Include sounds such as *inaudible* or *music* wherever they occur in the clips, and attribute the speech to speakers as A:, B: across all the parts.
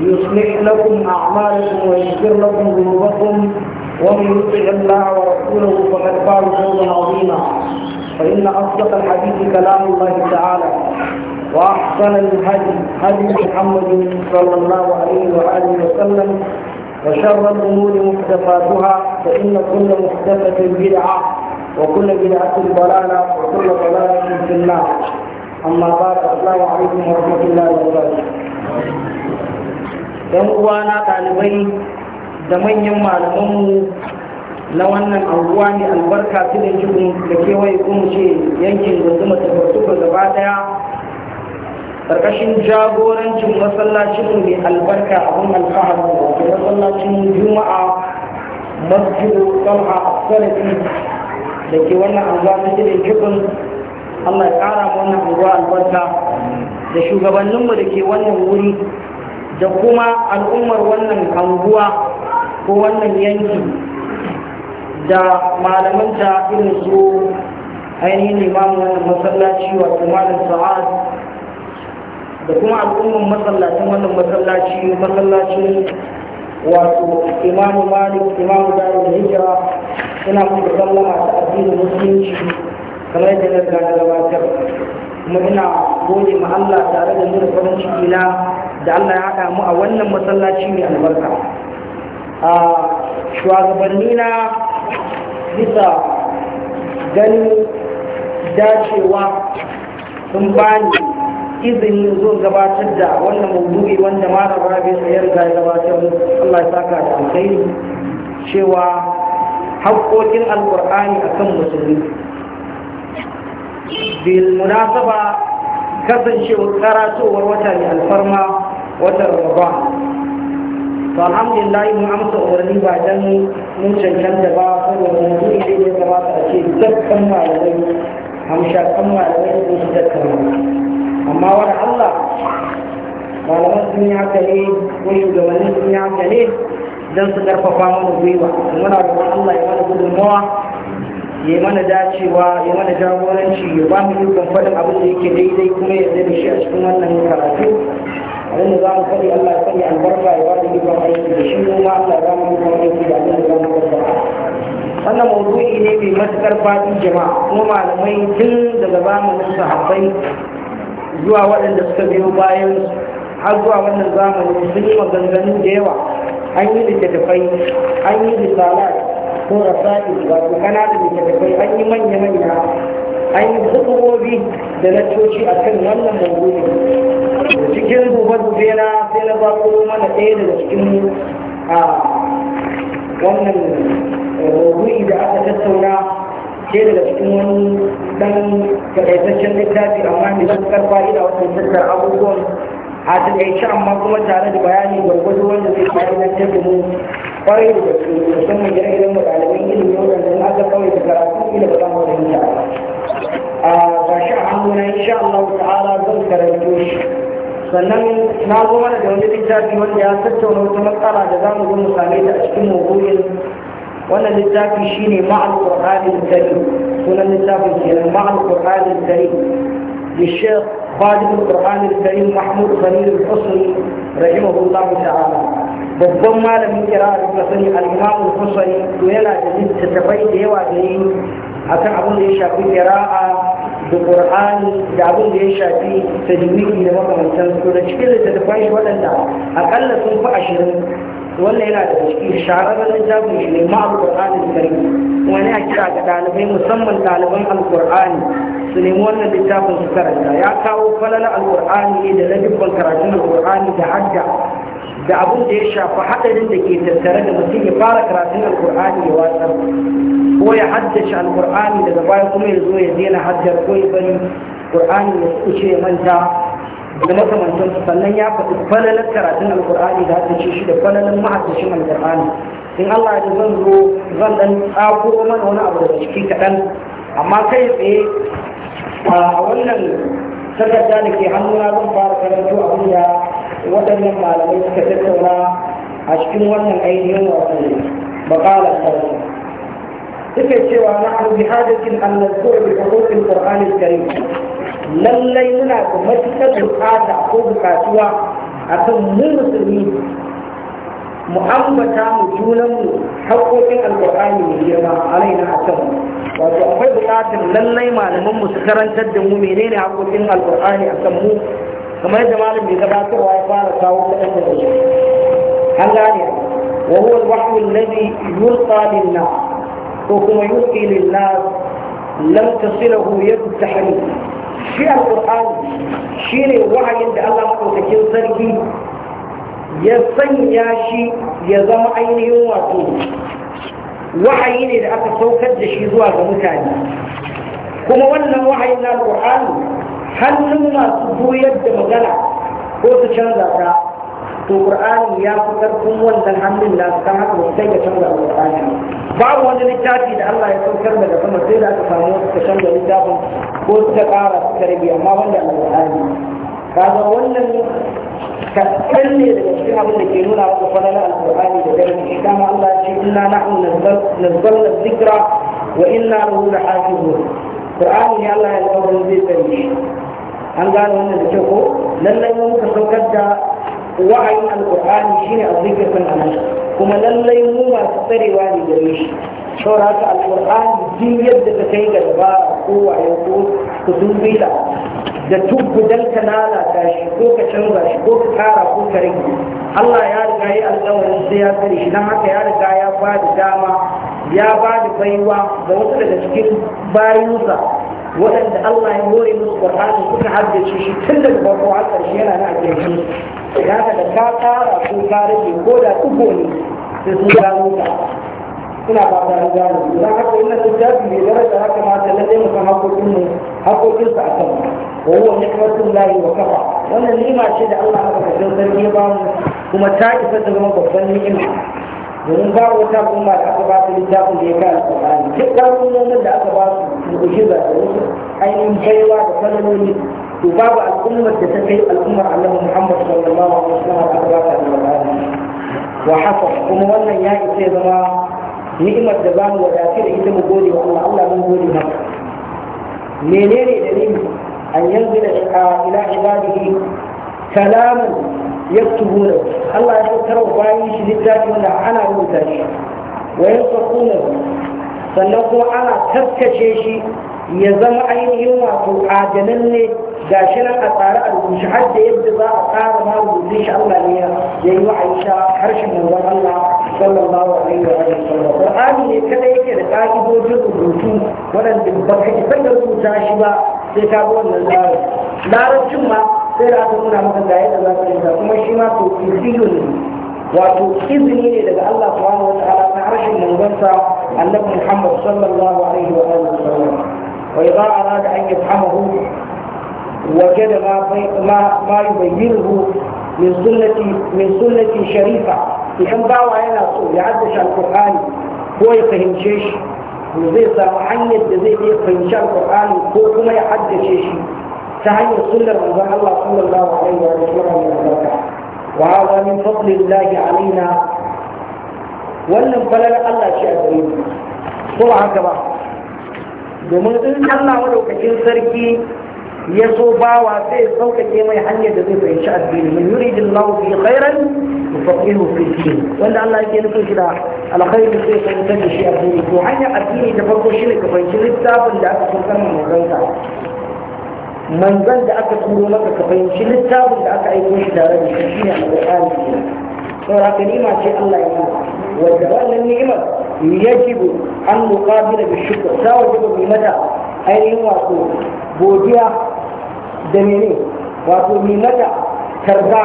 A: يصلح لكم أعمالكم ويغفر لكم ذنوبكم ومن يطع الله ورسوله فقد فاز فوزا عظيما فإن أصدق الحديث كلام الله تعالى وأحسن الهدي هدي محمد صلى الله عليه وآله وسلم وشر الأمور محدثاتها فإن كل محدثة بدعة وكل بدعة ضلالة وكل ضلالة في النار أما بعد السلام عليكم ورحمة الله وبركاته don na ɗalibai da manyan malamanmu na wannan anguwa ne albarka filin da da kewaye kuma ce yankin gunduma ta fartuka gaba daya ƙarƙashin jagorancin masallacinmu mai albarka abin alfahar da masallacin juma'a masjidu a asalafi da ke wannan anguwa ta ce jikin allah ya ƙara wannan anguwa albarka da shugabanninmu da ke wannan wuri da kuma al'ummar wannan anguwa ko wannan yanki da ta irin su ainihin limamin wannan masallaci wato malam sa'ad da kuma al'ummar masallacin wannan masallaci masallacin wato imamu malik imamu dari da hijira suna kuma sallama ta addinin musulunci kamar yadda na gabatar kuma ina gode ma Allah tare da nuna farin ciki na da Allah ya haɗa mu a wannan masallaci mai albarka a shugabanni na bisa ganin dacewa sun bani izini zo gabatar da wannan maudu'i wanda malam bai sayar ga gabatar Allah ya saka da alkhairi cewa haƙƙoƙin alƙur'ani akan musulmi بالمناسبة kasancewar karatowar wata mai alfarma watan ramadan to alhamdulillah mun amsa umarni ba dan mun cancanta ba saboda mu yi da ya gabata a ce dukkan malamai amsha kan malamai da su dukkan amma wani Allah malaman sun yi haka ne ko shugabannin sun yi haka ne don su karfafa mana gwiwa muna roƙon Allah ya mana gudunmawa ya mana dacewa ya mana jagoranci ya ba mu dukkan faɗin abin da yake daidai kuma ya zai shi a cikin wannan karatu abin da za mu faɗi Allah ya sanya albarka ya ba da dukkan aiki da shi kuma Allah za mu dukkan aiki da abin da za mu faɗa wannan mawdu'i ne mai matuƙar faɗin jama'a kuma malamai tun daga zamanin sahabbai zuwa waɗanda suka biyo bayan har zuwa wannan zamani sun yi maganganun da yawa an yi littattafai an yi risalat ko rasa'i wato kananan da kai an yi manya-manya an yi hukumobi da na coci a kan wannan mawuri cikin gobe na sai na ba ko mana ɗaya daga cikin a wannan mawuri da aka tattauna ke daga cikin wani ɗan kaɗaitaccen littafi amma mai matuƙar fa'ida wasu tattara abubuwan a takaice amma kuma tare da bayani gwargwado wanda zai fa'idantar da mu kwarai da gaske musamman ire-iren mu ɗaliban ilimi wanda na ga kawai da karatu ila ba za mu fahimta a ga shi a hannuna insha Allah ta'ala zan karanto shi sannan na zo mana da wani littafi wanda ya tattauna wata matsala da za mu zo mu same ta a cikin mawdu'in wannan littafi shine ma'al qur'anil karim sunan littafin kenan ma'al qur'anil karim للشيخ خالد القرآن الكريم محمود بنير الحصري رحمه الله تعالى babban malamin kira da kuka sani al-imamu hussein to yana da littattafai da yawa da yi akan abin da ya shafi kira'a da qur'ani da abin da ya shafi tajwidi da makamantan su da cikin littattafai waɗanda akalla sun fi ashirin wannan yana da ciki shahararren littafin shi ne ma alƙur'anin karim wani a kira ga ɗalibai musamman ɗaliban alƙur'ani su nemi wannan littafin su karanta ya kawo falala alƙur'ani ne da ladibban karatun alƙur'ani da hajja. da abin da ya shafi haɗarin da ke tattare da mutum ya fara karatun alƙur'ani ya watsar ko ya haddace alƙur'ani daga baya kuma ya zo ya daina haddar ko ya bari ƙur'ani ya kuce manta da makamantan sannan ya faɗi falalar karatun alkur'ani da haddace shi da falalar mahaddacin alƙur'ani in Allah ya zan zo zan ɗan tsakuro mana wani abu daga ciki kaɗan amma kai tsaye a wannan takarda da ke hannuna zan fara karanto abin da waɗannan malamai suka tattauna a cikin wannan ainihin wato bakalar karatu suka cewa na abu bi hajjakin an nazkura bi hukumin qur'anil lallai muna da matuƙar bukata ko bukatuwa a kan mu musulmi mu ambata mu junanmu haƙoƙin alƙur'ani mai girma alaina a kan wato akwai buƙatar lallai malaman mu su karantar da mu menene haƙoƙin alƙur'ani a kan mu kamar yadda malam mai gabatarwa ya fara kawo kaɗan da shi an gane wa huwa al-wahyu alladhi yulqa lin-nas ko kuma yulqi lin-nas lam tasilahu yadu tahrim shi alƙur'ani shi ne wahayin da Allah maɗaukakin sarki ya sanya shi ya zama ainihin wato wahayi ne da aka saukar da shi zuwa ga mutane kuma wannan wahayin na alƙur'ani hannun masu buyar da magana ko su canza ta to qur'ani ya fi karfin wannan hannun na kan haka ba sai ya canza qur'ani babu wani littafi da Allah ya saukar daga sama sai da aka samu ka canza littafin ko suka ƙara suka rage amma wanda alqur'ani kaga wannan ka ne daga cikin abin da ke nuna wata falalar alqur'ani da garin shi kama Allah ce inna nahnu nazzalna dhikra wa inna lahu lahafizun qur'ani ya Allah ya alƙawarin zai tsare an gane wannan da kyau ko lallai mun ka saukar da wa'ayin alƙur'ani shine azzikirin nan, kuma lallai mu masu tsarewa ne gare shi saboda haka alƙur'ani din yadda ta kai ga dabara ko wayo ko ku da tubbu dan ka lalata shi ko ka canza shi ko ka kara ko ka rage Allah ya riga ya alƙawarin sai ya tsare shi dan haka ya riga ya ba da dama ya ba da baiwa ga wasu daga cikin bayinsa waɗanda Allah ya hore musu Qur'ani suka haddace shi tun daga farko har ƙarshe yana na a ya ka da ka kara ko ka rage ko da uku ne sai sun gano ka suna ba ta an gano idan haka wannan littafi mai daraja ya kamata lalle mu san hakokin mu hakokin sa akan wa huwa nikmatul lahi wa kafa wannan nima ce da Allah haka da sarki ya bamu mu kuma ta isa ta zama babban ni'ima domin ba wata kuma da aka ba su littafin da ya kai alƙur'ani duk kalmomin da aka ba su mu'jiza da wasu ainihin baiwa da kalmomi وبعض الأمة تتكي الأمة على محمد صلى الله عليه وسلم وعلى آله وصحبه وحفظ كما وانا يا إسيد ما نعمة دبان وذاكرة إتم قولي وأن الله من قولي هم منيري دليل أن ينزل إلى عباده كلام يكتبونه الله يقول ترى بايش لذلك من أنا هو ذلك وينصفونه فلنقوا على تركة شيء ya zama ainihin wato adalan ne ga shi nan a tsare a rubuce har da yadda za a tsara ma rubuce shi Allah ne ya yi wa Aisha harshen manzon Allah sallallahu alaihi wa sallam Qur'ani ne kada yake da ka'idojin rubutu waɗanda ba ka ki san rubuta shi ba sai ka bi wannan tsarin larabcin ma sai da aka nuna maka ga yadda za ka yi kuma shi ma to kisiyu ne wato izini ne daga Allah subhanahu wa ta'ala na harshen manzon sa Annabi Muhammad sallallahu alaihi wa sallam وإذا أراد أن يفهمه وجد ما ما يبينه من سلة من سلة شريفة لأن دعوة أنا أقول يعدش القرآن هو يفهم شيش وزيسا محيط بزيه يفهم شيش القرآن هو كما يعدش شيش فهي السلة رمضان الله صلى الله عليه وسلم وهذا من فضل الله علينا ولن فلن الله شيء أدريه طبعا كبار domin in Allah madaukakin sarki ya so bawa sai sauƙaƙe mai hanyar da zai fahimci addini min yuridin lahu bi khairan yufaqihu fi din wanda Allah yake nufin shi da alkhairi sai fahimta da shi addini to hanyar addini ta farko shine ka fahimci littafin da aka saukar ma manzanka manzan da aka turo maka ka fahimci littafin da aka aiko shi tare da shi shine alƙur'ani صراط نعمة الله يمنع وجوال يجب أن نقابل بالشكر ساوجب بمتى أين يواصل بوديا دميني واتو بمتى ترضى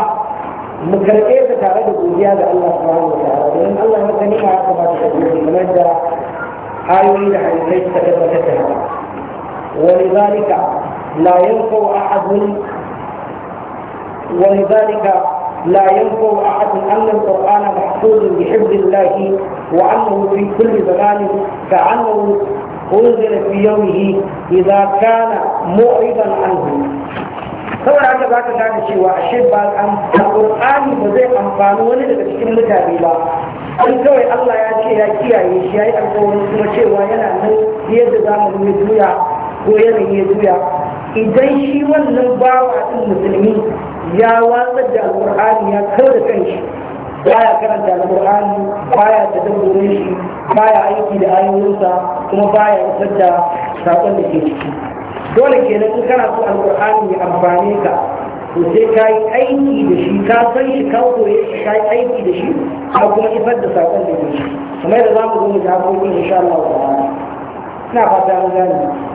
A: مكرئة تارد بوديا ذا الله سبحانه وتعالى لأن الله يمنع نعمة الله سبحانه وتعالى من أجل آيوني ولذلك لا ينفع أحد ولذلك لا ينكر أحد أن القرآن محفوظ بحفظ الله وأنه في كل زمان كأنه أنزل في يومه إذا كان معرضا عنه saboda haka za ka gane cewa ashe ba alƙur'ani ba zai amfani wani daga cikin mutane ba in kawai Allah ya ce ya kiyaye shi ya yi alƙawarin kuma cewa yana nan yadda zamani ya juya ko yanayi ya juya idan shi wannan bawa ɗin musulmi ya watsar da alƙur'ani ya kar da shi baya karanta alƙur'ani baya tadabburin shi baya aiki da ayoyinsa kuma baya isar da saƙon da ke ciki dole kenan in kana so alƙur'ani ya amfane ka to sai ka yi aiki da shi ka san shi ka koye shi ka yi aiki da shi ka kuma isar da sakon da ke ciki kamar da za mu zo mu ga hakokin insha Allah ta'ala ina fata mun gane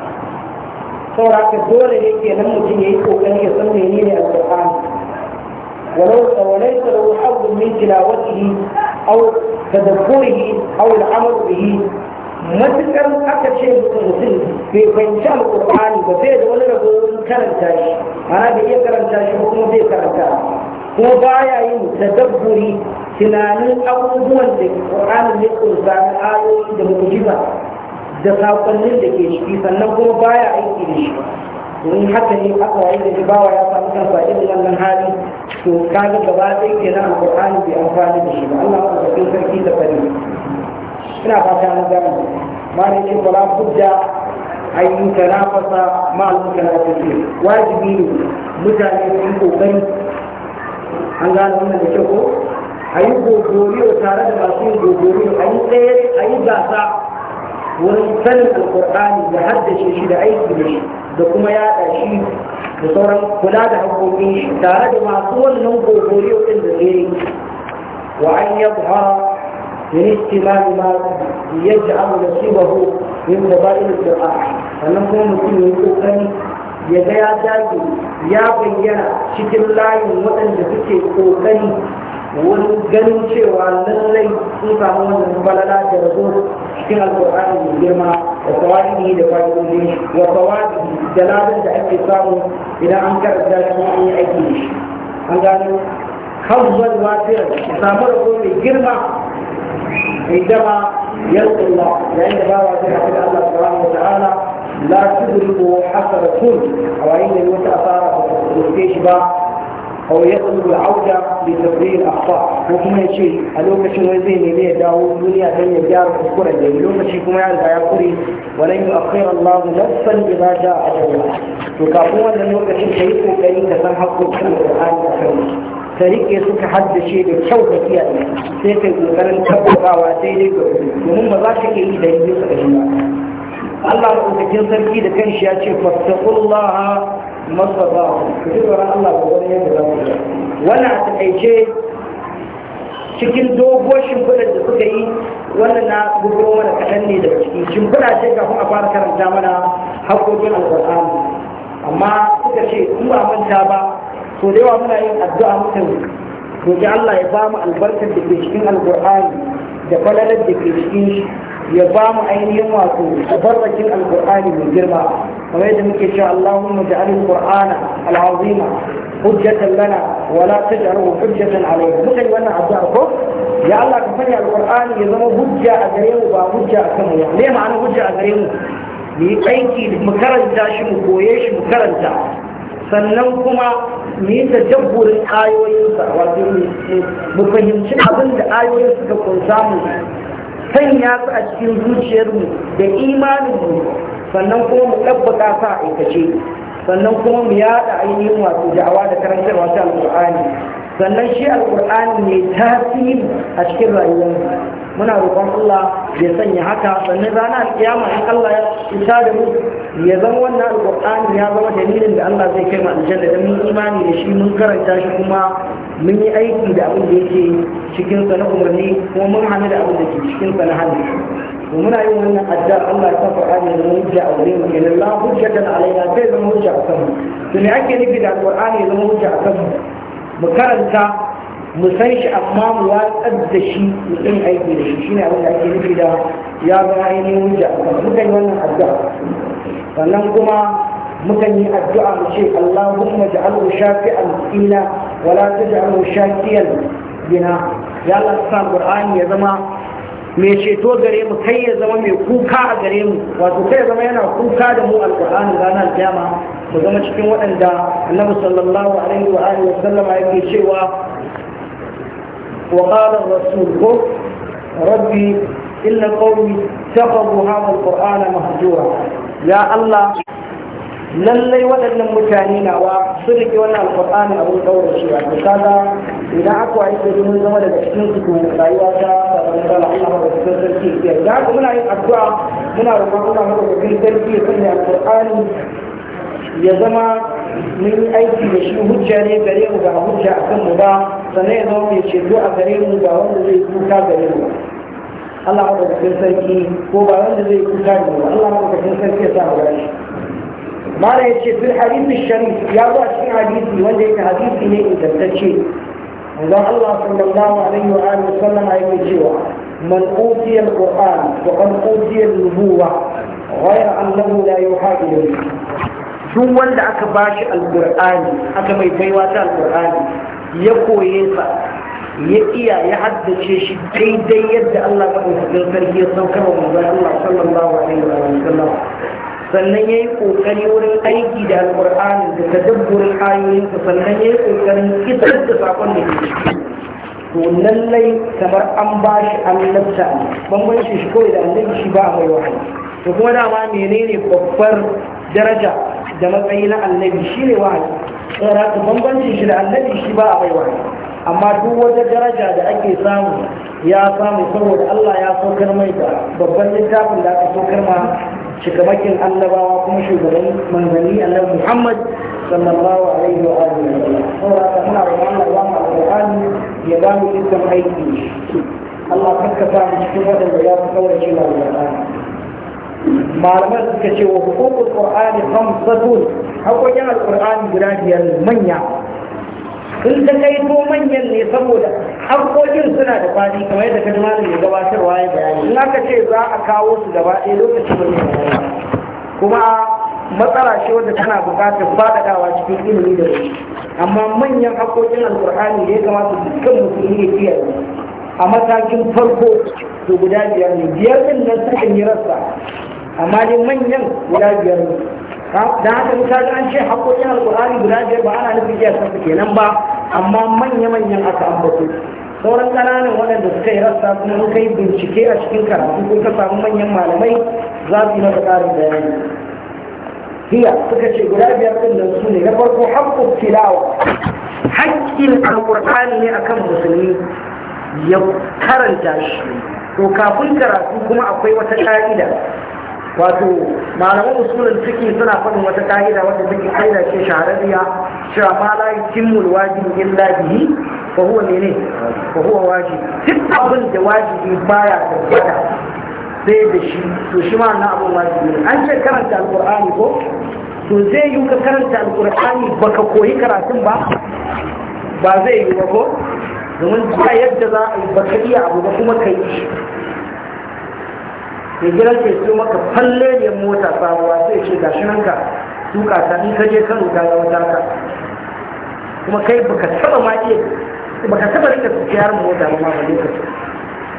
A: saura ka dole ne ke nan mutum ya yi kokari ya san mene ne alƙur'ani walau tsawalai ta da wuhabu min tilawatihi au tadabburihi au al'amal bihi matukar aka ce mutum bai fahimci alƙur'ani ba bai da wani rabo wurin karanta shi ana bai iya karanta shi kuma zai karanta kuma baya yin tadabburi tunanin abubuwan da ƙur'anin ya ƙunsa na ayoyi da mu'jiza da sakonnin da ke ciki sannan kuma baya aiki da shi domin haka ne aka wayi da bawa ya samu kansa irin wannan hali to kaga gaba ɗaya kenan Alƙur'ani bai amfani da shi ba Allah ya ɗauki sarki da fari ina fata na gani ma ne ce wala budda an yi tanafasa ma na mutanafisi wajibi ne mutane su yi kokari an gane wannan da kyau ko a yi gogoriyo tare da masu yin gogoriyo a yi tsaye a yi gasa wurin sanin alƙur'ani da haddace shi da aiki da shi da kuma yaɗa shi da sauran kula da haƙoƙin shi tare da masu wannan gogoriyo ɗin da zai wa an yabha min istimali ma yaj'alu nasibahu min fadail al-qur'an sannan kuma mutum ya yi kokari ya ga ya dage ya bayyana cikin layin waɗanda suke kokari wani ganin cewa lallai sun samu wannan balala da rabo من القران والجرما وقوائمه لقائده وقوائمه جلاله الاتصال الى انكر ذلك من اي ايديه ان قالوا خفض الوافر تسامره بالجرما عندما يلقي الله لان بابا في حق الله سبحانه وتعالى لا تدركوا حسب كل او عين الوسع صار في أو يطلب العودة لتبرير الأخطاء وكما يشي ألوك شنو يزين إليه داو الدنيا دنيا جار كرة دي ألوك شي كما يعرف يا كري ولن يؤخر الله نفسا إذا جاء أجلها وكافوا أن ألوك شي شيء كريم كسان حقه في القرآن ka rike suka haddace da kyau da kiyaye sai kai kokarin tabbatawa daidai ga domin ba za ka yi da yi su ba Allah maɗaukakin sarki da kanshi ya ce fattakullaha masaba ku ji tsoron Allah ko wani yadda za ku yi wannan a taƙaice cikin doguwar shimfiɗar da suka yi wannan na gudu mana kaɗan ne daga ciki shimfiɗa ce kafin a fara karanta mana haƙoƙin alƙur'ani amma suka ce in ba manta ba to da yawa muna yin addu'a mutum roƙi Allah ya ba mu albarkar da ke cikin alƙur'ani da falalar da ke cikin shi ya ba mu ainihin wato tabarrakin alqur'ani mai girma kamar yadda muke cewa Allahumma ja'al alqur'ana al'azima hujjatan lana wa la taj'alhu hujjatan alayna muka yi wannan addu'a ko ya Allah ka sanya alqur'ani ya zama hujja a gare mu ba hujja a kanmu ne ma'ana hujja a gare mu mu yi aiki mu karanta shi mu koye shi mu karanta sannan kuma mu yi tajabburin ayoyinsa wato mu fahimci abin da ayoyin suka kunsa mu sanya su a cikin zuciyarmu da imaninmu sannan kuma mu ɗabbaka sa aikace sannan kuma mu yaɗa ainihin wato da'awa da karantarwa ta alƙur'ani sannan shi alƙur'ani ne tasiri a cikin rayuwar muna roƙon Allah ya sanya haka sannan rana alƙiyama in Allah ya isa da mu ya zama wannan alƙur'ani ya zama dalilin da Allah zai kai mu aljanna da mun imani da shi mun karanta shi kuma mun yi aiki da abin da yake cikin sa na umarni kuma mun hannu da abin da ke cikin sa na hannu Muna wannan da Allah ومنع أن أداء الله كفر عن المهجة أو غير مكان الله حجة علينا كيف المهجة أكثر لأكل نجد القرآن إذا مهجة أكثر mu karanta mu san shi amma mu watsar da shi mu ɗin aiki da shi shine abin da ake nufi da ya ga ainihin hujja mukan yi wannan addu'a sannan kuma mukan yi addu'a mu ce Allahumma ja'alhu shafi'an ina wala taj'alhu shakiyan bina ya Allah sa Qur'ani ya zama mai ceto gare mu kai ya zama mai kuka a gare mu wato kai ya zama yana kuka da mu alƙur'ani ranar kiyama mu zama cikin waɗanda annabi sallallahu alaihi wa alihi wa sallama yake cewa wa qala ar-rasul rabbi إلا قومي اتخذوا هذا القرآن مهجورا يا الله للي ولد المتانين وصدق ولا القرآن أبو دور الشيعة ina aku ai ke dunia zaman dekat sini tu kan dai ada zaman dah lah apa dekat sini dia dah tu mana aku mana rumah aku nak ke sini tu ke sini al-Quran ya zaman من أي شيء هجرة بريء وهجرة ما رأيت في الحديث الشريف يا الله شيء حديثي وانجيك حديثي لئي تبتشي إذا الله صلى الله عليه وآله وسلم أيكشوا من أوتي القرآن وقد أوتي النبوة غير أنه لا يحاكي إليه شو ولد أكباش القرآن أكما يبيوات القرآن يكو يسا يكيا يحد شيش كي دي يد الله قبل فكرة هي الزوكرة الله صلى الله عليه وآله وسلم sannan ya yi ƙoƙari wurin aiki da alƙur'ani da ayoyin ayoyinsa sannan ya yi ƙoƙarin kitar da sakon da ke to lallai kamar an ba shi annabta ne bambanci shi kawai da annabi shi ba a mai wahayi to kuma dama menene babbar daraja da matsayi na annabi shi ne wahayi tsara ta bambancin shi da annabi shi ba a mai wahayi amma duk wata daraja da ake samu ya samu saboda Allah ya saukar mai da babban littafin da aka saukar ma shugabacin annabawa kuma shugaban manzanni annabi muhammad sallallahu alaihi wa alihi wa sallam saboda muna roƙon Allah ya mu alƙur'ani ya ba mu dukkan aiki Allah kakka sa mu cikin waɗanda ya fi kaurace wa alƙur'ani malamai suka ce wa hukumul qur'ani khamsatun hakokin alƙur'ani guda biyar manya in ka kai ko manyan ne saboda hankokin suna da kwani kamar yadda ka jima mai gabatarwa ya bayani in aka ce za a kawo su gaba ɗaya lokaci ba ne kuma matsala ce wadda tana buƙatar faɗaɗawa cikin ilimi da wuri amma manyan harkokin alƙur'ani da ya kamata dukkan musulmi ya kiyaye a matakin farko to guda biyar ne biyar ɗin nan sukan yi rasa amma dai manyan guda biyar ne da haka misali an ce haƙoƙin alƙur'ani guda biyar ba ana nufin iya san kenan ba amma manya-manyan aka ambato sauran ƙananan waɗanda suka yi rasta kuma suka kai bincike a cikin karatu ko ka samu manyan malamai za su yi masa ƙarin bayani hiya suka ce guda biyar ɗin da su ne na farko haƙƙin tilawa haƙƙin alƙur'ani ne akan musulmi ya karanta shi to kafin karatu kuma akwai wata ƙa'ida wato malaman usulun ciki suna faɗin wata ka'ida wata take ƙa'ida ce shahararriya cewa ma la yutimul wajibi illa bihi fa huwa ne fa huwa wajibi duk abin da wajibi baya tabbata sai da shi to shi ma na abin wajibi an ce karanta alqur'ani ko to zai yi ka karanta alqur'ani baka koyi karatun ba ba zai yi ba ko domin ba yadda za a yi baka iya abu ba kuma kai shi ya gina ke so maka falle ne mota sabuwa sai ce ga shi nan ka tuka ta in ka je kano ta zama ka. kuma kai baka taba ma iya baka taba rika tsayar mota ba ma ba ne ka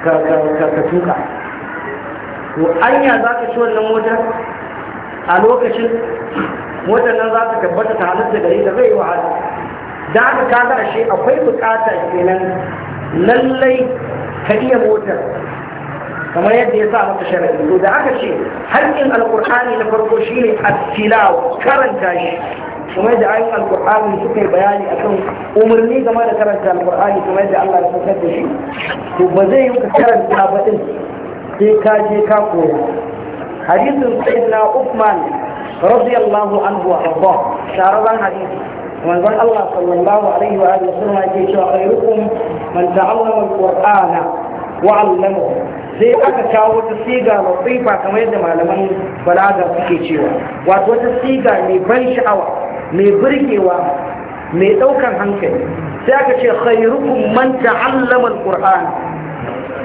A: ka ka tuka to anya za ka ci wannan mota a lokacin motar nan za ta tabbata ta halitta gari da zai yi wahala da haka ka ga ashe akwai bukata kenan lallai ka iya motar كما يدي صاحب الشرك إذا أكل شيء هل إن القرآن لفرقوشين التلاو كرنكاش كما يدي أن آية القرآن لسكر بياني أكون أمرني كما ذكرت القرآن كما يدي الله لفرقوشين شيء وبذي يمكن كرن كابتن جيكا جيكا كورا حديث سيدنا عثمان رضي الله عنه وأرضاه شارضا حديث ومن قال الله صلى الله عليه وآله وسلم يقول خيركم من تعلم القرآن wa'allamu sai aka kawo wata siga ba kamar yadda malaman balaga suke cewa wato wata siga mai ban sha'awa mai birgewa mai ɗaukar hankali sai aka ce khairukum man ta'allama alquran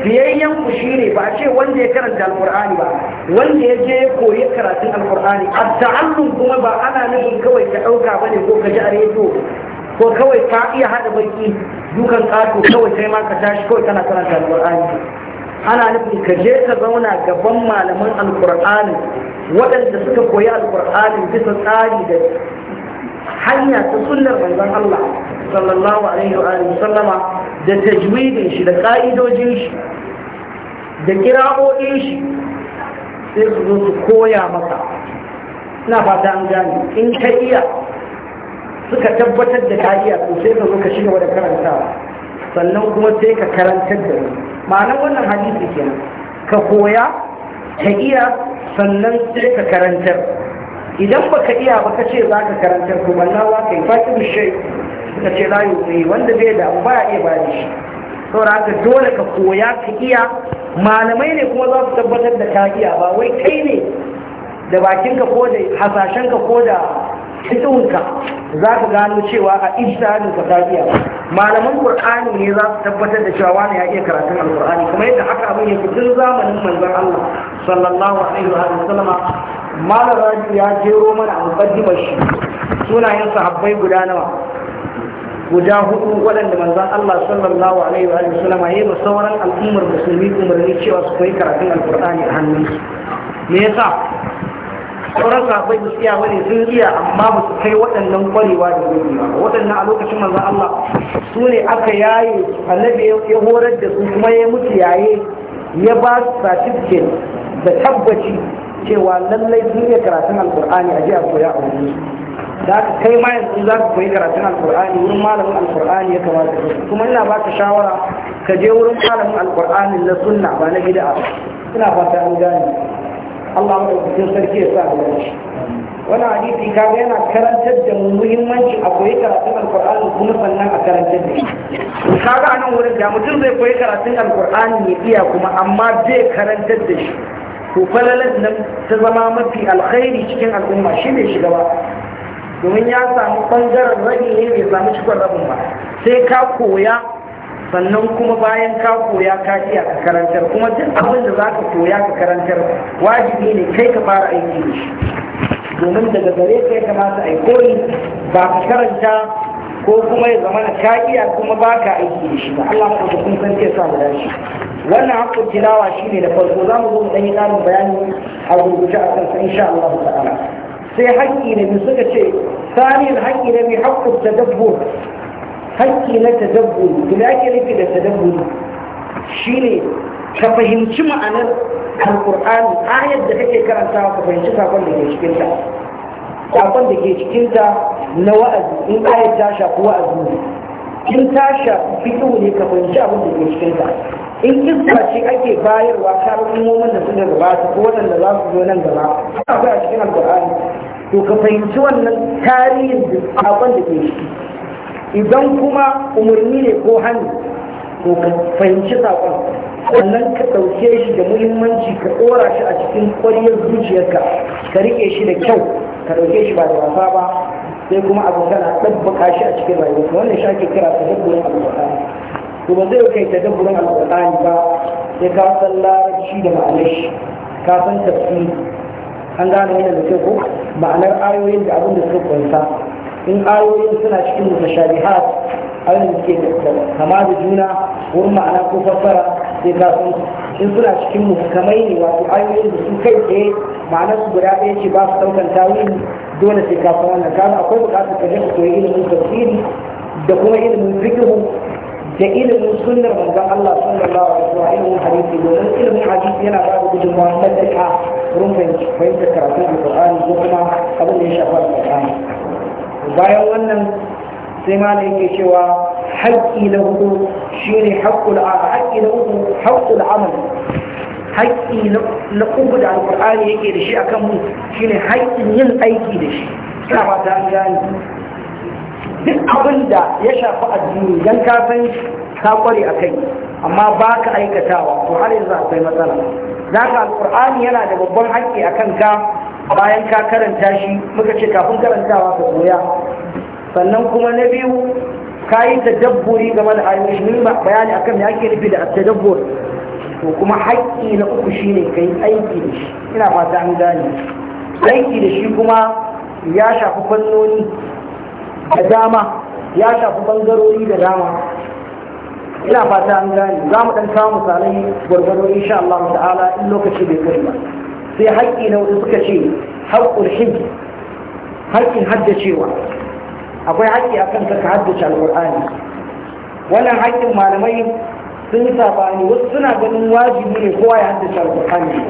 A: biyayyen ku shine ba a ce wanda ya karanta alqur'ani ba wanda ya je ya koyi karatun alqur'ani at-ta'allum kuma ba ana nufin kawai ka ɗauka ba ne ko ka ji a rediyo ko kawai ka iya hada baki dukan ƙato kawai sai ma ka tashi kawai kana karanta alƙur'ani ana nufin ka je ka zauna gaban malaman alƙur'ani waɗanda suka koyi alƙur'ani bisa tsari da hanya ta sunnar manzon Allah sallallahu alaihi wa sallama da tajwidin shi da ƙa'idojin shi da kira'o'in shi sai su zo su koya maka ina fata an gane in ka iya suka tabbatar da kariya to sai ka zo ka shiga da karanta sannan kuma sai ka karantar da wani ma'anar wannan hadisi kenan ka koya ka iya sannan sai ka karantar idan baka iya ba ka ce za ka karantar to yi, kai fatin shai suka ce la yi wanda zai da ba ya iya bayar shi saboda haka dole ka koya ka iya malamai ne kuma za su tabbatar da ka iya ba wai kai ne da bakinka ko da hasashenka ko da fitowunka za ka gano cewa a ijtihadin fatahiya malaman qur'ani ne za su tabbatar da cewa wani ya iya karatun alqur'ani kuma yadda haka abin yake tun zamanin manzon Allah sallallahu alaihi wa sallama malam rabi ya jero mana a mukaddimar shi sunayen sahabbai guda nawa guda hudu waɗanda manzon Allah sallallahu alaihi wa sallama ya yi sauran al'ummar musulmi umarni cewa su koyi karatun alqur'ani a hannunsu me yasa sauran sahabbai ba su iya bane sun iya amma ba su kai waɗannan kwarewa da gudu ba waɗannan a lokacin manzon Allah su ne aka yaye annabi ya horar da su kuma ya mutu yaye ya ba su certificate da tabbaci cewa lallai sun iya karatun alkur'ani a jiya koya a wurin da aka kai ma yanzu za ka koyi karatun Alƙur'ani wurin malamin Alƙur'ani ya kamata kuma ina ba ka shawara ka je wurin malamin alkur'ani na sunna ba na gida ina fata an gane Allah sun sarki ya sa da shi Wani hadisi kaga yana karantar da muhimmanci a koyi karatun alƙur'ani kuma sannan a karantar da shi a anan wurin da mutum zai koyi karatun alƙur'ani ya iya kuma amma zai karantar da shi to falalar nan ta zama mafi alkhairi cikin al'umma shi ne shiga ba domin ya samu ɓangaren rabi ne ya samu cikon rabin ba sai ka koya sannan kuma bayan ka koya ka iya ka karantar kuma duk abin da za ka koya ka karantar wajibi ne kai ka fara aiki da shi domin daga gare ka ya kamata a yi ba ka karanta ko kuma ya zama ka iya kuma ba ka aiki da shi ba Allah ma ka kun san ke sa mu shi. wannan hakkun tilawa shine da farko za mu zo mu dan yi karin bayani a rubuce a kan insha Allah ta'ala sai haƙƙi ne suka ce na haƙƙi ne bi haƙƙin tadabbur haƙƙi na tadabburi da ake nufi da tadabburi shine ka fahimci ma'anar alƙur'ani ayar da kake karanta ka fahimci sakon da ke cikin ta sakon da ke cikin ta na wa'azi in ayar ta shafi wa'azi ne in ta shafi fito ne ka fahimci abin da ke cikin ta in iska ce ake bayarwa ta al'ummomin da suka gabata ko waɗanda za su zo nan gaba akwai a cikin alqur'ani to ka fahimci wannan tarihin da ke ciki idan kuma umarni ne ko hannu ko ka fahimci saƙon sannan ka ɗauke shi da muhimmanci ka ɗora shi a cikin ƙwaryar zuciyarka ka riƙe shi da kyau ka ɗauke shi ba da wasa ba sai kuma abu kana ɗabbaka shi a cikin rayuwa wannan shi ake kira ta dabburin alƙur'ani to ba zai kai ta dabburin alƙur'ani ba sai ka san larabci da ma'anar shi ka san tafsiri an gane yana da kyau ko ma'anar ayoyin da abin da suka kwanta in ayoyin suna cikin mutashabihat ayoyin da suke kama da juna wurin ma'ana ko fassara sai ka san in suna cikin muhkamai ne wato ayoyin da su kai tsaye ma'anar su guda ɗaya ce ba su ɗaukan tawili dole sai ka san wannan kaga akwai buƙatar ka je ka koyi ilimin tafsiri da kuma ilimin fikihu da ilimin sunnar manzon Allah sallallahu alaihi wa ilimin hadisi domin ilimin hadisi yana ba da gudunmawa matuƙa wurin fahimtar karatun alƙur'ani ko kuma abin da ya shafi alƙur'ani bayan wannan sai ma yake cewa haƙƙi na hudu shine haƙƙul haƙƙi na hudu haƙƙul amal haƙƙi na uku da alƙur'ani yake da shi akan mu shine haƙƙin yin aiki da shi ina ba ta gani duk abin da ya shafi addini don ka san ka kware a kai amma ba ka aikatawa to har yanzu akwai matsala ka alƙur'ani yana da babban haƙƙi akan ka bayan ka karanta shi muka ce kafin karantawa ka koya sannan kuma na biyu ka yi tadabburi game da ayoyi mun bayani akan me ake nufi da tadabbur to kuma haƙƙi na uku shine kai aiki da shi ina fata an gane aiki da shi kuma ya shafi fannoni da dama ya shafi bangarori da dama ina fata an gane za mu ɗan kawo misalai gwargwaro insha Allah ta'ala in lokaci bai kai ba sai haƙƙi na wani suka ce haƙƙul hijji haƙƙin haddacewa akwai haƙƙi a kanka ka haddace alƙur'ani wannan haƙƙin malamai sun yi sabani wasu suna ganin wajibi ne kowa ya haddace alƙur'ani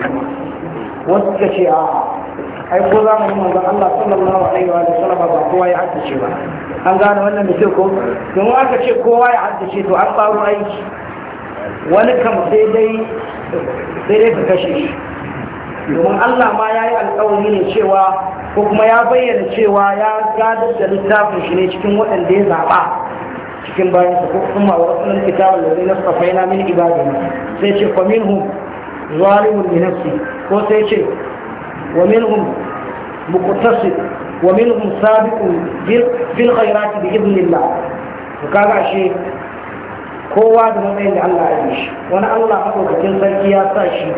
A: wasu suka ce a ai ko za zamanin manzon Allah sallallahu alaihi wa sallam ba kowa ya haddace ba an gane wannan da mutum ko domin aka ce kowa ya haddace to an tsaro aiki wani kam sai dai sai dai ka kashe shi domin Allah ma ya yi alƙawari ne cewa ko kuma ya bayyana cewa ya gadar da littafin shi ne cikin waɗanda ya zaɓa cikin bayan sa ko kuma wa rasulun kitabul ladzi nasfaina min ibadina sai ce fa minhum zalimun li nafsi ko sai ce wa minhum muqtasid wa minhum sabiqun bil khairati bi idnillah to kaga shi kowa da matsayin da Allah ya yi shi wani Allah madaukakin sarki ya sa shi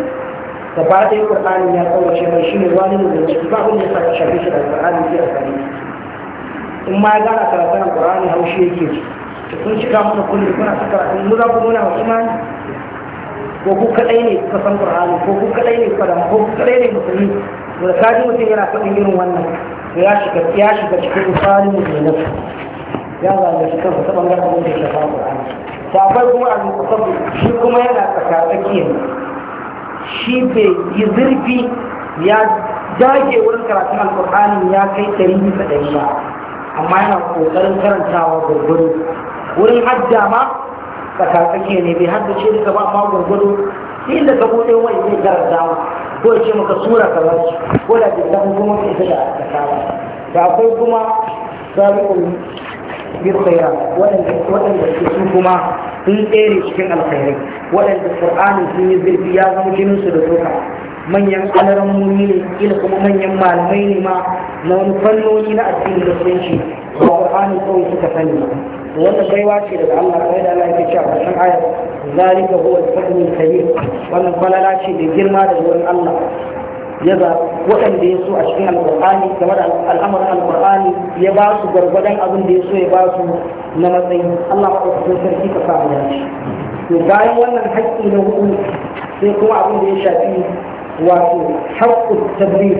A: gaba ɗaya ƙur'anin ya kawace mai shi ne ne da ciki ba abin da ya sa shafi shi da ƙur'anin zai da kare in ma ya gana karatun ƙur'ani haushi yake ci to kun shiga mana kullum kuna ta karatun mu za ku nuna wa imani ko ku kaɗai ne kuka san ƙur'ani ko ku kaɗai ne kuka ko ku kaɗai ne musulmi da kaji mutum yana faɗin irin wannan ya shiga ya shiga cikin tsarin musulmi ya zalunci kansa ta ɓangaren abin da ya shafa ƙur'ani to akwai kuma a shi kuma yana tsaka yanzu. shi bai yi zurfi ya dage wurin karatun alkur'ani ya kai ɗari bisa ɗari ba amma yana ƙoƙarin karantawa gurguru wurin hajja ma tsakatsake ne bai ce duka ba ma gurguru sai da ka buɗe wani zai karantawa ko ya ce maka sura ka zaci ko da bai san kuma bai isa da karantawa da akwai kuma sabi'ul bil khairat waɗanda su kuma sun tsere cikin alkhairai waɗanda ƙur'ani sun yi zurfi ya zama jinin su da suka. manyan alarmuni ne kila kuma manyan malamai ne ma na wani fannoni na addini da sunci ba qur'ani kawai suka sani ba wannan baiwa ce daga Allah kai da Allah yake cewa cikin ayat zalika huwa al-fadl al-kabir wannan falala ce da girma da wurin Allah ya waɗanda ya so a cikin alƙur'ani game da al'amarin alƙur'ani ya ba su gwargwadon abin da ya so ya ba su na matsayi Allah maɗaukakin sarki ka samu dace to bayan wannan haƙƙi na hudu sai kuma abin da ya shafi wato haƙƙin tabbir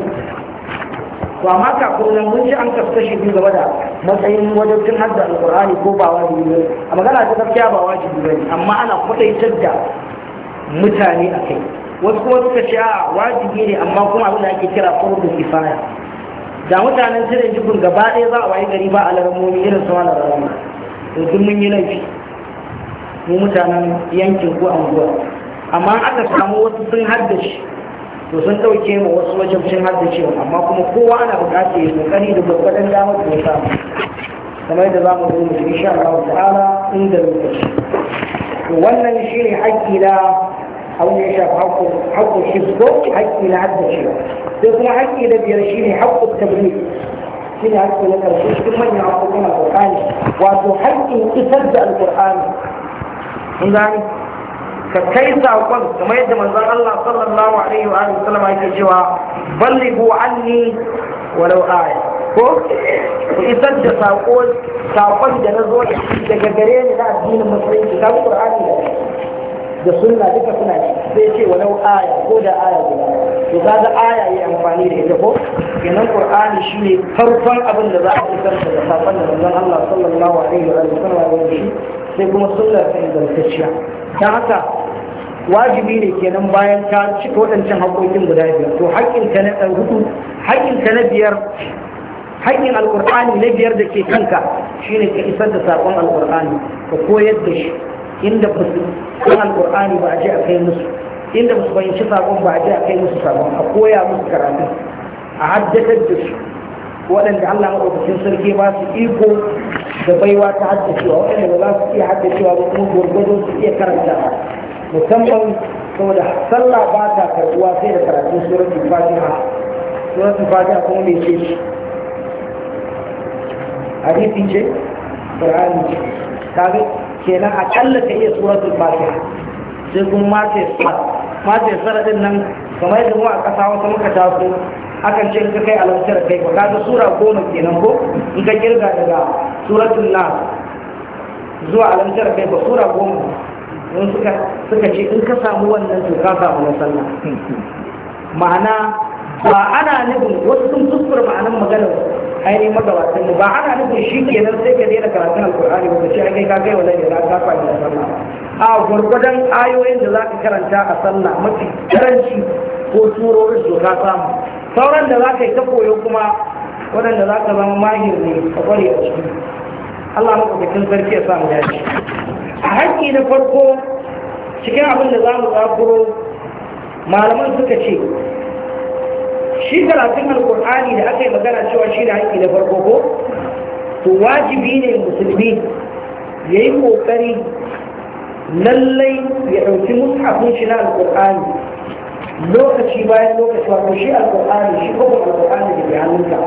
A: to amma kafin nan mun ji an kaskashi biyu game da matsayin wajen hadda alkur'ani ko ba wajibi ne a magana ta gaskiya ba wajibi ne amma ana kwaɗaitar da mutane a kai wasu kuma suka ce a wajibi ne amma kuma abin da ake kira fardun kifaya da mutanen cire jibin gaba ɗaya za a wayi gari ba a laramomi irin sama da rarama to duk mun yi laifi mu mutanen yankin ko anguwa amma aka samu wasu sun haddace to sun ɗauke ma wasu wajen sun haddacewa amma kuma kowa ana buƙatar ya kokari da gwagwadon damar da ya samu kamar da za mu zo mu insha Allah ta'ala inda lokaci to wannan shine haƙƙi na او حط حقه حقه حق الى عبد الشيء تطلع الى بيرشيني حق التبليغ شنو حق لك رسول كل من يعطينا القران واتو حقي تصدق القران يعني فكيف أقول كما يد من الله صلى الله عليه وآله وسلم هيك جوا بلغوا عني ولو آية ko ku isar da saƙon da na daga gare ni na addinin musulunci ta Qur'ani da suna duka suna ne sai ce wa aya ko da aya guda to kaga aya yi amfani da ita ko kenan qur'ani shine farkon abin da za a fitar da sakon da manzon Allah sallallahu alaihi wa sallam ya yi sai kuma sunna ta ingantacciya dan haka wajibi ne kenan bayan ta cika waɗancan haƙoƙin guda biyar to haƙƙinka na hudu na biyar haƙƙin alƙur'ani na biyar da ke kanka shine ka isar da saƙon alƙur'ani ka koyar da shi inda ba su san alƙur'ani ba a je a kai musu inda ba su fahimci sabon ba a je a kai musu sabon a koya musu karatu a haddatar da su waɗanda Allah maɗaukakin sarki ba su iko da baiwa ta haddacewa waɗanda ba za su iya haddacewa ba kuma gwargwado su iya karanta musamman saboda sallah ba ta karɓuwa sai da karatun suratul fatiha suratul fatiha kuma mai ce hadisi ce qur'ani ce kaga kenan akalla ka iya suratul fatiha sai kun mace mace saradin nan kamar yadda mu a ƙasa wasu muka taso akan ce ka kai alamtar kai ba kaga sura goma kenan ko in ka kirga daga suratul nas zuwa alamtar kai ba sura goma in suka suka ce in ka samu wannan to ka samu na sallah *laughs* ma'ana ba ana nufin wasu sun kuskura ma'anar maganar ainihin magabatan ne ba ana nufin shi ke nan sai ka daina karatun alkur'ani ba shi ake ka kai wa lai da ka fadi da sallah a gwargwadon ayoyin da za ka karanta a sallah mafi karanci ko turorin da ka samu sauran da za ka yi ta koyo kuma waɗanda za ka zama mahir ne a kwari a ciki Allah maɗaukakin sarki ya samu ce a haƙƙi na farko cikin abin da za mu tsakuro malaman suka ce shi karatun alkur'ani da aka yi magana cewa shi da haƙƙi da farko ko to wajibi ne musulmi ya yi ƙoƙari lallai ya ɗauki mushafin shi na alkur'ani lokaci bayan lokaci wato shi alkur'ani shi kuma alkur'ani da ke hannunka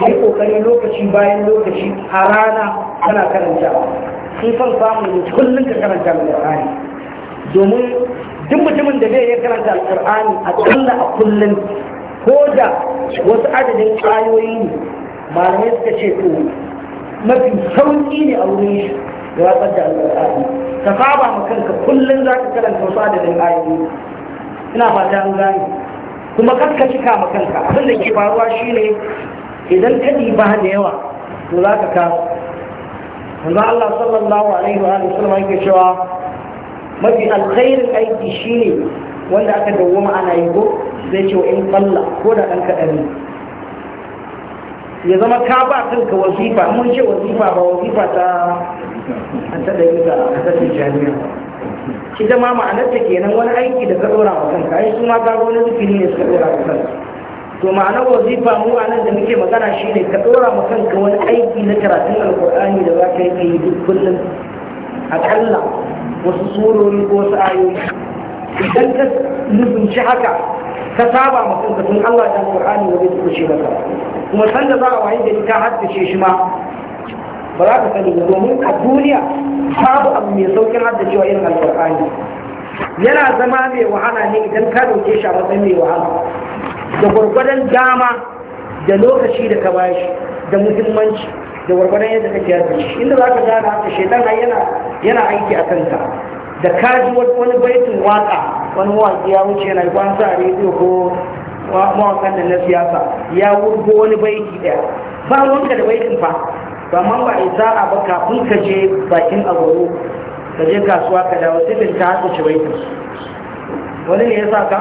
A: ya yi ƙoƙari lokaci bayan lokaci a rana kana sun son samun kullum ka karanta alkur'ani domin duk mutumin da bai ya karanta alqur'ani a kalla a kullum ko da wasu adadin ayoyi ne malamai suka ce to mafi sauki ne a wurin shi da watsar da alqur'ani ka saba ma kanka kullum za ka karanta wasu adadin ayoyi ina fata an gane kuma kaska cika ma kanka abin da ke faruwa shine idan ka ba da yawa to za ka kasu Allah sallallahu alaihi wa sallam yake cewa mafi alkhairin aiki shine wanda aka dawo ana yi ko zai ce wa in falla ko da ɗan kaɗan ne ya zama ka ba kanka wazifa mun ce wazifa ba wazifa ta ta da ga a kasar jami'a ita ma ma'anarta kenan wani aiki da ka ɗora wa kanka ai su ma gaba wani zikiri ne suka ɗora wa kanka to ma'anar wazifa mu a nan da muke magana shi ne ka ɗora wa kanka wani aiki na karatun alƙur'ani da za ka yi duk kullum aƙalla wasu surori ko wasu ayoyi idan ka nufinci haka ka saba ma kanka tun Allah ta Qur'ani wa zai kushe maka kuma sanda za a wayi da ita haddace shi ma ba za ka sani ba domin a duniya babu abu mai saukin haddacewa irin alƙur'ani yana zama mai wahala ne idan ka dauke shi a matsayin mai wahala da gwargwadon dama da lokaci da ka bashi da muhimmanci da gwargwadon yadda ciyar da shi inda za ka gane haka shaitan yana yana aiki a kanta. da kaji wani baitin waka wani mawaki ya wuce yana kwanza a rediyo ko mawakan da na siyasa ya wurgo wani baiti daya ba wanka da baitin fa ba man ba isa a ba kafin ka je bakin agoro ka je kasuwa ka dawo sai ta hada ci baitin wani ne ya sa ka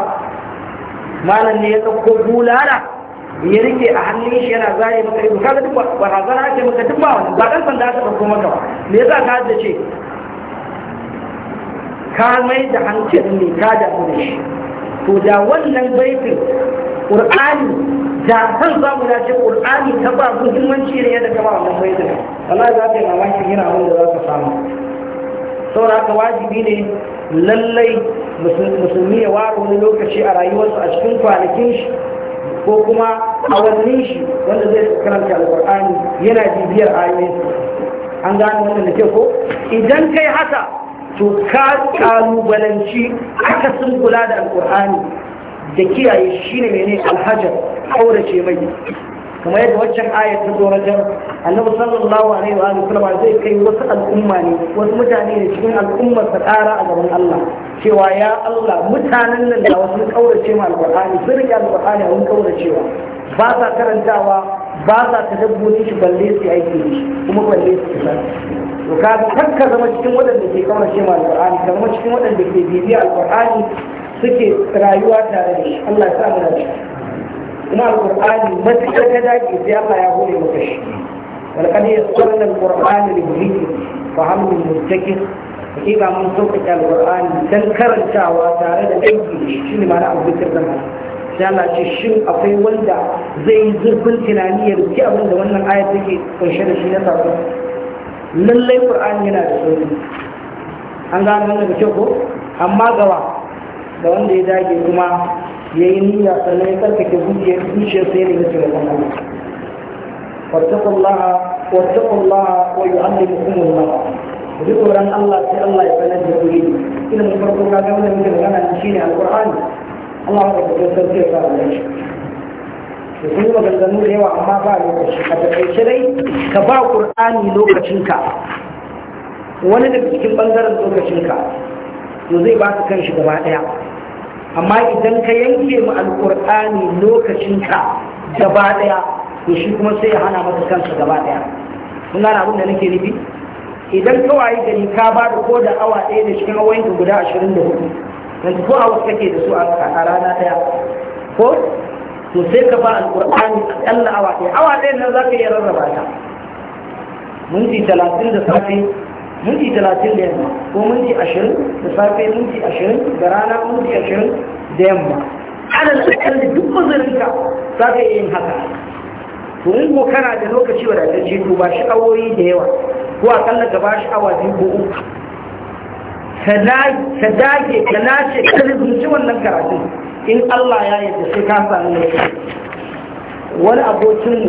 A: malam ne ya ɗauko bulala ya rike a hannun shi yana zaye maka ido kaga duk barazana ce maka duk ba ba dan sanda aka dauko maka ba me yasa ka da ce ka mai da hankali ne ka da da shi to da wannan baitin qur'ani da san za mu ce qur'ani ta ba muhimmanci ne yadda ka ba wannan baitin Allah za ka yi mamakin yana abin da za ka samu saboda haka wajibi ne lallai musulmi ya ware wani lokaci a rayuwarsa a cikin kwanakin shi ko kuma a awannin shi wanda zai karanta alkur'ani yana bibiyar ayoyin an gane wannan da ke ko idan kai haka to ka kalubalanci aka sun kula da alkur'ani da kiyaye shine mene alhajar aure ce mai kamar yadda waccan ayat ta tsoratar annabi sallallahu alaihi wa sallama. zai kai wasu al'umma ne wasu mutane ne cikin al'ummar ta ƙara a gaban Allah cewa ya Allah mutanen nan da wasu kaurace ma alqur'ani sun rike alqur'ani a wani kauracewa ba sa karantawa ba sa tadabburi shi balle su aiki ne, kuma balle su san to ka ka zama cikin waɗanda ke kaurace ma alqur'ani ka zama cikin waɗanda ke bibiya alqur'ani suke rayuwa tare da shi Allah ya sa mu dace kuma alƙur'ani matuƙar ta dage sai Allah ya hore maka shi walƙad yassarna alƙur'ani lil-dhikri fa hamdul muttaqin ba mun sauƙaƙe alƙur'ani dan karantawa tare da aiki shi ne ma'ana abubakar zama sai Allah ce shin akwai wanda zai yi zurfin tunani ya rubuci abin da wannan ayar take kunshe da shi na sako lallai qur'ani yana da sauri an gano wannan da kyau ko amma gawa da wanda ya dage kuma ya yi nuna sannan ya tsarkake zuciyar sai ne mutu da kuma واتقوا الله ويعلمكم الله ذكر أن الله في الله يبنى الدين إلى مفرق كذا ولا مثل أنا نشين على القرآن الله رب العزة كيف قال يقول لك الزنور هو عما بعد حتى كيشري كبا قرآن لوكشنكا wani daga cikin bangaren lokacinka to zai ba ka kan shi gaba daya amma idan ka yanke mu alƙur'ani ka gaba ɗaya to shi kuma sai ya hana maka kansa gaba ɗaya kun gane abin da nake nufi idan ka wayi gari ka ba da ko da awa ɗaya da cikin awayin guda ashirin da hudu yanzu ko awa kake da su a rana ɗaya ko to sai ka ba alƙur'ani aƙalla awa ɗaya awa ɗaya nan za ka iya rarraba ta minti talatin da safe minti talatin da yamma ko minti ashirin da safe minti ashirin da rana minti ashirin da yamma ana da duk mazarinka za ka iya yin haka to in ko kana da lokaci wadatacce to ba shi awoyi da yawa ko akalla ka ba shi awa biyu ko uku ka dage ka nace ka rubuci wannan karatun in Allah ya da sai ka samu wani abokin